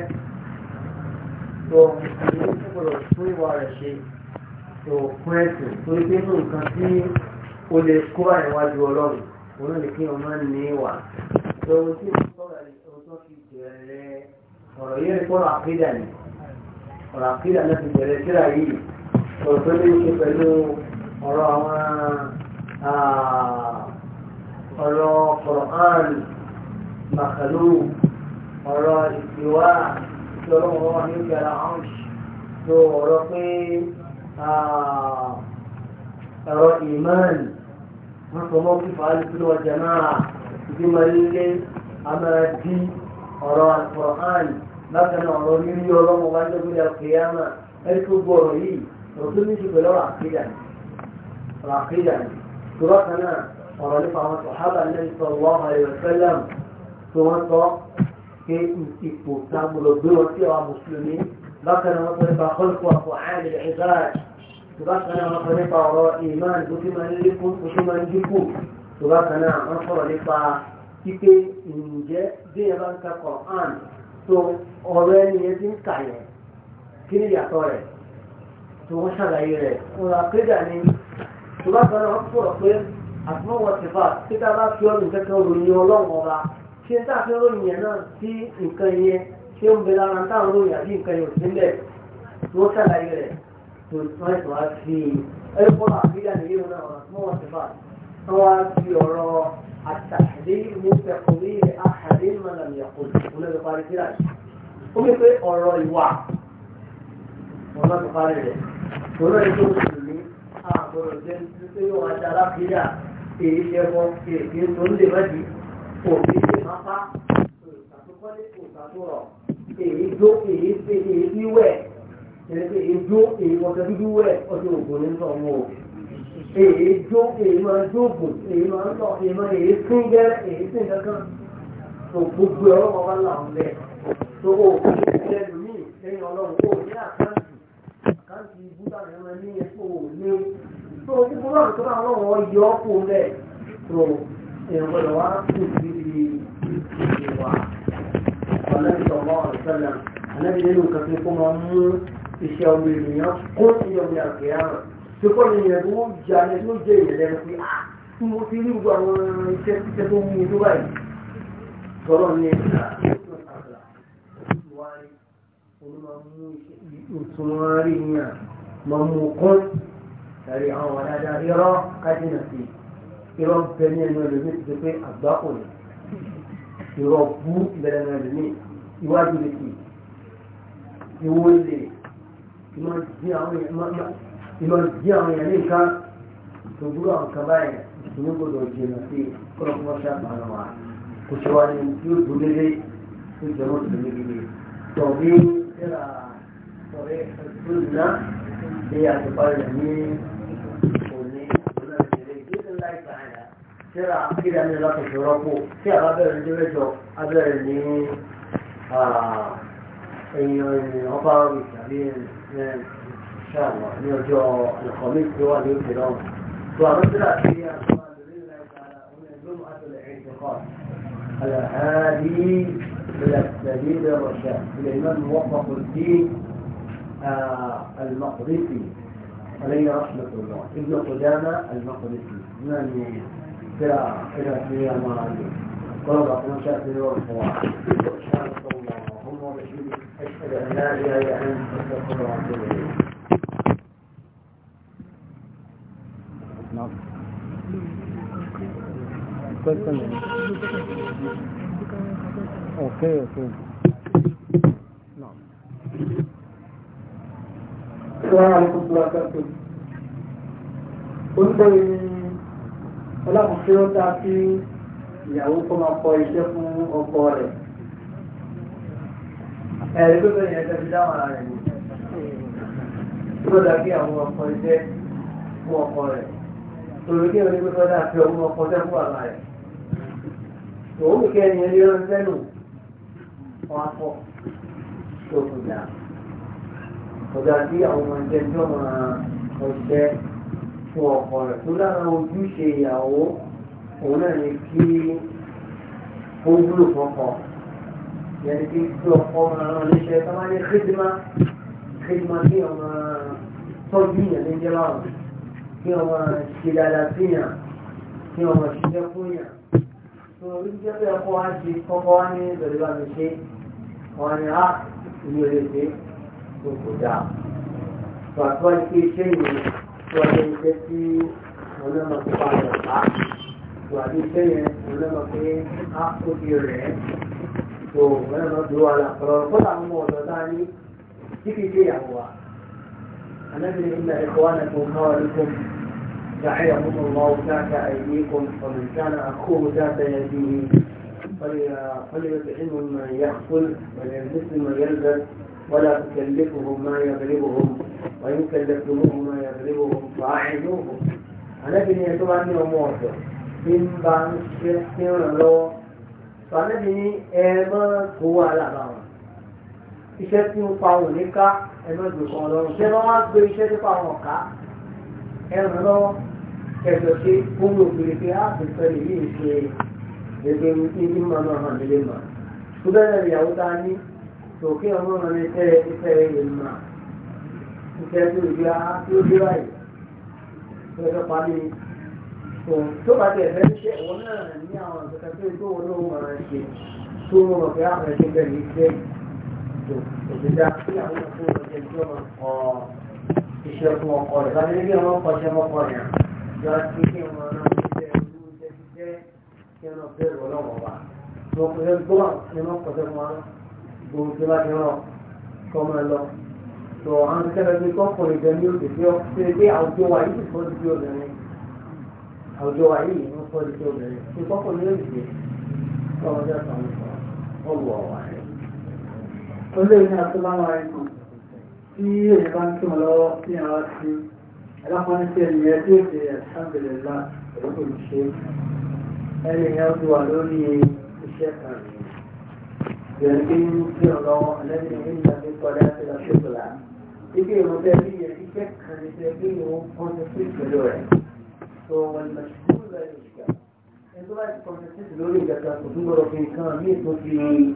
tó ìyẹn tó gbọdọ̀ fún ìwà rẹ̀ ṣe tó kún ẹ̀sìn tó gbé nù nǹkan tí ó lè kó àìwájú ọlọ́run òun lè kí wọn máa ní ìwà tó ohun tí wọn sọ̀rọ̀ ohun tó fi bẹ̀rẹ̀ ọ̀rọ̀ yẹn kọ́ra àkídà ni ọ̀rọ̀ àkídà náà fi bẹ̀rẹ̀ síra yìí ọ̀rọ̀ tó ní í ọ̀rọ̀ Qur'an màkàlù ọ̀rọ̀ ìpìwà ìṣòro wọn ní ìgbàlá ọ̀hún tó ọ̀rọ̀ pé ọ̀rọ̀ ìmán wọ́n sọ mọ́ fífa alùpùpù ọjà náà ìdí máa ń lé amáradí ọ̀rọ̀ Al-Qur'an ọ̀rọ̀ nílí ọlọ́mọ bá jẹ́ ní تراكنا ọ̀rọ̀lẹ́fà àwọn sọ̀hábà lẹ́yìn sọ̀rọ̀ àìrẹ̀sẹ́lẹ̀m tí wọ́n sọ pé ipò tábùlọ̀ gbé wọn sí àwọn mùsùlùmí bákan náà wọ́n sọ nípa kọ́lùkù àpò àìlè ìzáàj bákan náà wọ́n sọ nípa ọ̀rọ̀ ìmáà tó ti máa ń lékún tó ti máa ka Qur'an tó ọ̀rọ̀ ẹni yẹn ti ń kà yẹn kí ni yàtọ̀ rẹ̀ tó ṣùgbọ́n kan náà wọ́n sọ̀rọ̀ pé àtúmọ̀wọ̀ ti fà tí ká bá fi ọdún kẹ́kẹ́ ròyìn ọlọ́run ọba ṣé tá a fi ròyìn yẹn náà sí nǹkan yẹn ṣé ń bẹ lára tá a ròyìn àbí nǹkan yẹn ò sí mbẹ̀ tí wọ́n ṣàlàyé rẹ̀ tó wọ́n ti wá sí i ẹ̀rí fọlọ́ àbíyá nìyí wọn náà àtúmọ̀wọ̀ ti fà wọ́n wá fi ọ̀rọ̀ àtàdé mọ́tẹ́kùnrin rẹ̀ àhàdé mọ́làmìyàkùnrin àgbọ̀rọ̀ jẹ́ pé yóò wá ṣe alábìíyà èyí ṣe mọ èké tó ń lè mọ́jì òbí ṣe máa pa òṣàtúkọ́lé òṣàtúrọ̀ èyí dó èyí ṣe èyí wíwẹ̀ ẹ̀rẹ́pẹ̀ èyí dó èyí wọ́n dúdú wẹ̀ ọdún ògùn ní sọ wọn o èyí dó èyí máa dóògùn èyí máa ń èyí máa èyí sín gẹ́rẹ́ èyí sín kankan tó gbogbo ọlọ́wọ́ bá là bẹ̀ tó kò ní àkáǹtì táwọn èèyàn máa ní ẹ̀fọ́ òní tó onígbòrò àti tọ́lá ọlọ́run wọn yọ ọ́ fún bẹ́ẹ̀ tó èèyàn gbọ́dọ̀ wá sí ìdílé ìwà ọ̀nàbí sọ̀rọ̀ ọ̀sẹ̀lẹ̀ ọ̀nàbí nínú nǹkan tó kó máa mú iṣẹ́ ọmọ ènìyàn kó iye ọmọ àgbẹ̀ àrùn tó kọ́ ni ìyẹn tó jà ní tó jẹ́ ìrẹ̀lẹ́nu pé ah mo ti rí gbogbo àwọn iṣẹ́ tó mú tó báyìí sọ̀rọ̀ ní ìtura ìtura rí ní àná mọ̀mùkún ẹ̀rí àwọn àdáda irọ́ kájínà sí irọ́ bẹ ní ẹnu ẹlòmí ti pé àgbá kò ní irọ́ bú bẹ̀rẹ̀ ní ẹlòmí iwájú lè kì ìwó lè ìmọ̀ jí àwọn èèyàn ní nǹkan tó dúró àwọn kan báyìí ìṣúná gbọdọ̀ jìnnà sí kọ́nà fún wọn ṣáà máa wà kò ṣe wá ní tí ó dúró délé tó jẹ́ mọ́tò lè gbé tọ̀bí ẹ̀rà tọ̀rẹ́ ẹ̀sùn náà. هي تقلني قولي قولنا بسيري جيد الله تعالى ترى كده من الله تشربه في أبر الجبجو أبر اللي أيوة الشعبين إن شاء الله نرجع الخميس هو اليوم في الأول ومثلا هي جمعة الاعتقاد الهادي من السبيل الرشاد الإمام موفق الدين المقدسي عليه رحمة الله ابن قدامة المقدسي من كلا كلا كلا ما عليه قال ربنا شاء في نور الله اللهم أشهد أن لا إله إلا أنت أستغفرك وأتوب Okay, okay. نعم. Assalamu alaikum wa rahmatullahi oníbẹ̀rẹ̀ ni ọlọ́mùsí ó dá sí ìyàwó kó máa kọ iṣẹ́ fún ọkọ rẹ̀ ẹ̀rí tó bẹ̀rẹ̀ yẹn tẹ́bi dáhùn ara rẹ̀ ni tó dá kí àwọn ọkọ iṣẹ́ fún ọkọ rẹ̀ torí kí ẹni pípẹ́ dá sí ọmọ ọkọ iṣẹ́ fún àlá rẹ̀ òun kì í ẹni ẹni ọdún ọ̀dà tí àwọn ọmọ ẹgbẹ́ tí wọ́n máa ọ̀ṣẹ́ fún ọkọ rẹ̀ tó lára ojúṣe ìyàwó òun náà ni kí ó wúlò fọkọ yẹni kí kí ọkọ máa rán níṣẹ́ tó máa ní kídìmá kídìmá kí ọmọ tọ́jú yẹn ní jẹ́ báwọn kí ọmọ ṣe dáadáa sí yàn kí ọmọ ṣiṣẹ́ fún yàn tó orí jẹ́ pé ọkọ wa ṣe kọ́kọ́ wá ní ìbẹ̀rẹ̀ bá mi ṣe wọ́n ni á ìlú rẹ̀ ṣe. kò dáa pàtó àti iṣẹ́ yìí tó a lè jẹ́ sí ọlọ́mọ tó bá rẹ̀ pa tó àti iṣẹ́ yẹn ọlọ́mọ pé á kó di rẹ̀ tó ọlọ́mọ dúró ara ọ̀rọ̀ kọ́lá àwọn ọmọ ọ̀dọ́ dá ní kíkì dé ìyàwó wa anábìrin ilẹ̀ ẹ̀kọ́ wa nà tó ń náwó lókun دعيهم الله ذات أيديكم فمن كان أخوه ذات يديه فليطعم من يأكل وليلبس من يلبس ولا تكلفهم ما يغلبهم وإن كلفتموه ما يغلبهم فأعينوه Ànábì ní ẹ̀tọ́ bá ní ọmọ ọ̀dọ̀ tí ń bá ń ṣe tí ń ràn lọ́wọ́ sọ Ànábì ní ẹ máa kó wà lára wọn iṣẹ́ tí ń pa òun níká ẹ máa gbé kan lọ́rùn ṣé wọ́n wá gbé iṣẹ́ tí pa àwọn tòkí ọmọ rẹ iṣẹ́ iṣẹ́ ìmọ̀ iṣẹ́ tó yá tí ó dé báyìí tó yẹ parí tó bá tẹ̀ fẹ́ ṣe òun náà ní àwọn ìṣẹ̀kẹ́ tó yẹ tó wọn ló mọ̀ rẹ̀ ṣe tó wọn mọ̀ pé àwọn ẹ̀ṣẹ̀ bẹ̀rẹ̀ iṣẹ́ tó òṣèlú tí àwọn ọmọ tó wọn jẹ tí wọn kọ iṣẹ́ fún ọkọ rẹ̀ láti ní wọn kọ iṣẹ́ fọ́kọ rẹ̀ yọ sí kí wọn náà iṣẹ́ ìlú iṣẹ́ iṣẹ́ kí wọn bẹ̀rẹ̀ ọlọ́wọ́ wa. Mo kọ́ ohun tí wọ́n ti rán kọ́ máa lọ. tó àwọn akẹ́kọ̀ọ́ bíi kọ́kùnrin jẹ ní òkè tí ó ṣe pé àwùjọ wa yìí fọ́ di obìnrin àwùjọ wa yìí ń fọ́ di obìnrin tí kọ́kùnrin yóò dìde lọ́wọ́ jẹ́ sàmì ọ̀wọ̀ wà rẹ̀. ó lè ní asọ́lámà ẹ̀kọ́ tí èyí bá ń tún ọ lọ́wọ́ sí ara sí alákọ̀ọ́ni sí ẹni ẹ̀ tí ó ṣe alhamdulillah ẹ̀rọ kò ní ṣe ẹni ẹ̀ ń wà lórí يمكن يرضى الذي منا بالصلاة الشغلة يجي مدارية يفكر يتلاقيه كونسيست لوري هو المشهور لا يشكل انتوا بقى كونسيست لوري ده كان تصور في كان ميت في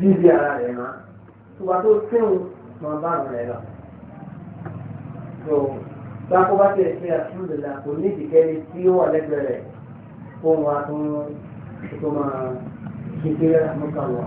بيزي على ريما تبعتوا سن ما بعض لنا so báko bá tẹ̀lé pé àtúndìlà kò ní ìdíkẹ́ni tí ó wà lẹ́gbẹ̀ẹ́ rẹ̀ fún wa tó máa kékeré àmúkàwọ̀.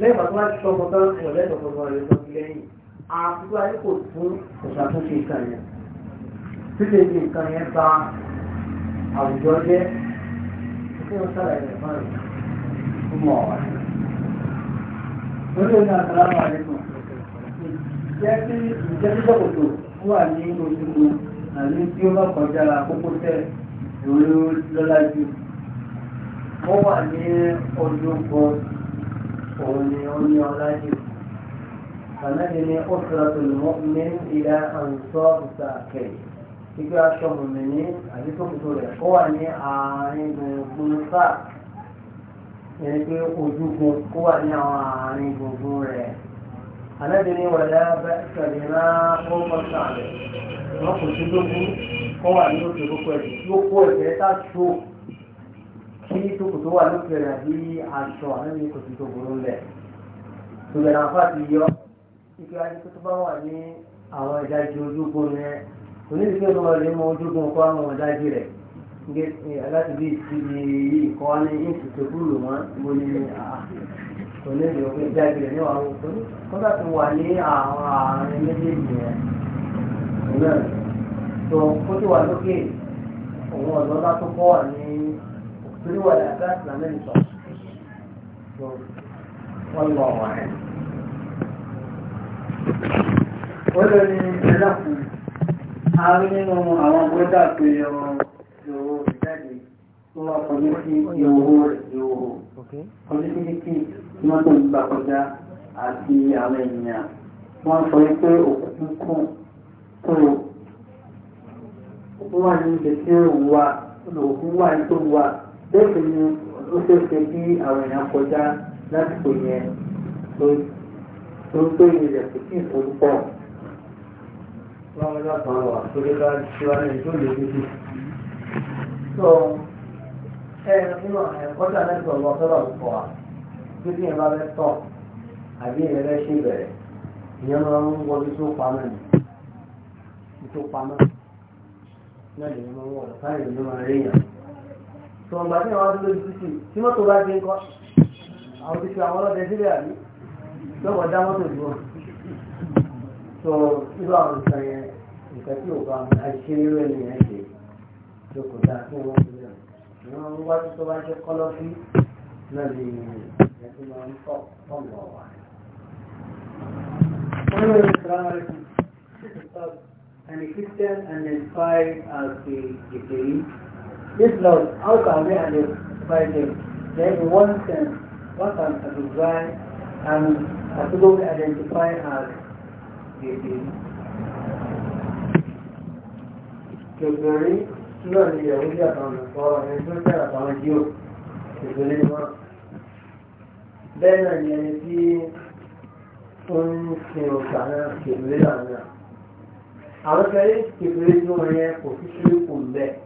lẹ́yìn bàtú láti sọ ọmọ tán ẹ̀rọ lẹ́yìn ọ̀pọ̀lọpọ̀ rẹ̀ lọ sí lẹ́yìn àtúntò ayé kò tún ìṣàtúnṣe nǹkan yẹn títí di nǹkan yẹn ba àwùjọ jẹ́ fún ọ̀sára ẹ̀rẹ̀ fáàrù fún mọ̀ ọ̀wá. Orí ọ̀nà àtàlámà àlékún. Jẹ́ kí ìjẹ́ tí sọ̀kòtò wà ní ojúbo àní tí ó bá kọjá àkókò tẹ̀ ìwé lọ́lá ju. Wọ́n wà ní ọdún kan òun ni ó ní ọlá jù kànáàdì ní usratul mu'min ila ansab sàkẹ́ ìgbé aṣọ mọ̀mí ní àdìsókòtò rẹ̀ ó wà ní àárín gbùngbùn sáà yẹn pé ojúgun ó wà ní àwọn àárín gbùngbùn rẹ̀ ànábì ní wàlá bẹ́ẹ̀kẹ̀lì náà ó mọ̀ sàlẹ̀ wọn kò sí lógún ó wà ní òkè gbogbo ẹ̀jẹ̀ tí ó kó ẹ̀jẹ̀ tá tó kí tòkòtò wà lókè rẹ̀ àbí aṣọ àmì kò sí tó burú lẹ̀ tòbẹ̀rẹ̀ àfa ti yọ ike adigun tó bá wà ní àwọn ìdajì ojúgun yẹn onídìgbò ló wọlé mọ ojúgun kọ́ àwọn ìdajì rẹ̀ láti bí ìsibí yìí kọ́ ní ìtùtù kúrò mọ́ mo ní onídìgbò pé ìdajì rẹ̀ níwà wọ́n tó kọ́ńtà tó wà ní àwọn àárín méjèèjì yẹn náà tó kó tó wà lókè òun ọ̀dọ́ látó kọ́ wà torí wà láàbá ìsìlámẹ́ nìsọ wọ́n lọ wà ẹ̀ wọ́n lọ ní ẹlẹ́kùn àárín nínú àwọn gbọ́dá pé ọmọ ìṣòro ìjáde tó wà pọ̀lú sí ìhòòhò ìhòòhò pọ̀lú sí kí wọ́n tó ń gbà kọjá àti àwọn ènìyàn wọ́n sọ pé òkú kún tó wọ́n ní ìṣẹ́ òun wà bẹ́ẹ̀ ni ó ṣe ṣe kí àwọn èèyàn kọjá lásìkò yẹn tó tó ìrìnlẹ̀ kò tí ì fojú pọ̀. wọ́n mú láti àwọn wà tó lé bá ṣíwájú tó lè dúdú. tó ẹ nínú ẹ̀kọ́jà lẹ́sọ̀ lọ sọ́dọ̀ púpọ̀ wa bí kí ìyẹn bá fẹ́ tọ̀ àbí ìyẹn fẹ́ ṣe bẹ̀rẹ̀ ìyẹn máa ń wọlé tó pamọ́ ni tó pamọ́ náà lè máa ń wọ̀ láyé ló máa rí yàn tó ń gbà tí àwọn adúlójú títì tí mọ́tò bá ti ń kọ́ àwọn ti fi àwọn ọlọ́dẹ sílẹ̀ àbí lọ́wọ́ dá mọ́tò dúró tó irú àwọn nǹkan yẹn nǹkan tí ò bá àìṣe irú ẹni yẹn ṣe tó kò dáa fún wọn sí náà wọn ń wá tó bá ṣe kọ́lọ́fí náà lè yẹn tó máa ń tọ̀ tọ̀mọ̀ wà. One of the priorities of an Christian and inspired as a Jewish This Lord, how can we live by them? There is one sense, what can I desire and I could identify as the Kèbèrè náà ni ìyàwó jẹ́ àtàwọn ọ̀rọ̀ ẹni tó jẹ́ àtàwọn jíò kèbèrè wọn. Bẹ́ẹ̀ náà ni ẹni tí ó ń sin òkà náà kèbèrè náà. Àwọn kẹrẹ́ kèbèrè tí wọ́n yẹ kò fi ṣe kò bẹ́ẹ̀.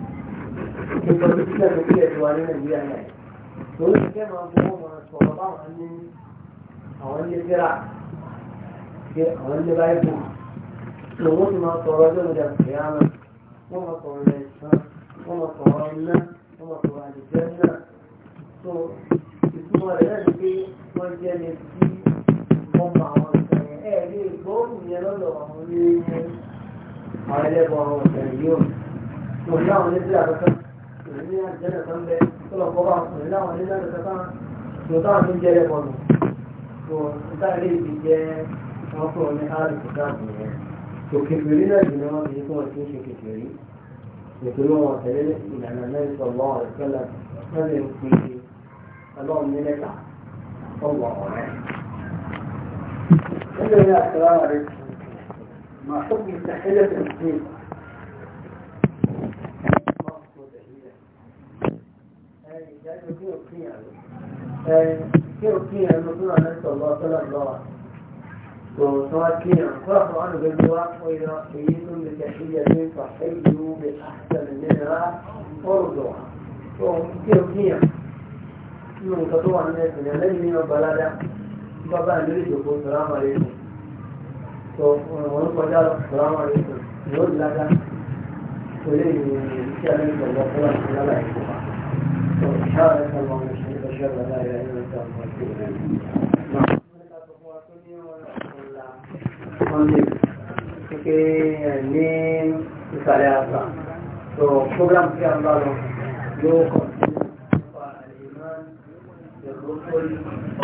ìtọ́jú sílẹ̀ tó kílẹ̀ tó wà ní nàìjíríà náà lórí ìfẹ́ máa fọwọ́ máa sọ̀rọ̀ báwọn ní àwọn ilé fẹ́ra ṣe àwọn ilé báyìí bò lòun ti máa sọ̀rọ̀ ọjọ́ ìjà ìyá náà wọ́n máa sọ̀rọ̀ rẹ̀ sàn wọ́n máa sọ̀rọ̀ iná wọ́n máa sọ̀rọ̀ àdìjẹ́ náà tó ìtumọ̀ rẹ̀ náà ni pé wọ́n jẹ́ ní sí wọ́n mọ àwọn ìtàn yẹn ẹ̀ẹ́dì ìgbóhùn yẹn lọ́dọ̀ àwọn ilé yẹn àwọn ẹlẹ́bọ̀ àwọn ìtàn yìí ò ní àjẹ́nà kan bẹ tó lọ kọ́ bá ọkùnrin láwọn onílànà kankan tó táwọn tó ń jẹ́rẹ̀ bọ́ọ̀lù tó níta ilé ìdí jẹ́ wọn kúrò ní àrùn tó dáàbò yẹn tó kékeré náà jù ní wọn kì í tó wọn tó ń ṣe kékeré nítorí wọn tẹ̀lé ìlànà náà sọ lọ́wọ́ rẹ̀ kẹ́lá náà lè fi ọlọ́run ní lẹ́tà ọ̀wọ̀ ọ̀rẹ́. Nílẹ̀ ní àtàrà rẹ̀ máa tó kì í tẹ̀lé ìdájọ́ kí òfin àná kí òfin àná tó náà lẹ́sọ̀ lọ sọ́lá lọ́wọ́ tó tó wá kí àná kó àpò àwọn òbí wá kó iná èyí tó lè jẹ́ kí ìyá ní ìfà ìlú bí àtẹ̀lẹ̀ nínú ọ̀rọ̀ tó kí òfin àná nínú nǹkan tó wà nínú ẹ̀sìn náà lẹ́yìn ní ìṣẹ́ àlejò ọ̀gbọ́n fún àti lálàyé fún سبحانك اللهم وبحمدك اشهد ان لا اله الا انت استغفرك Oke, ini misalnya apa? So, program yang baru, yuk, Pak Iman, Yuk,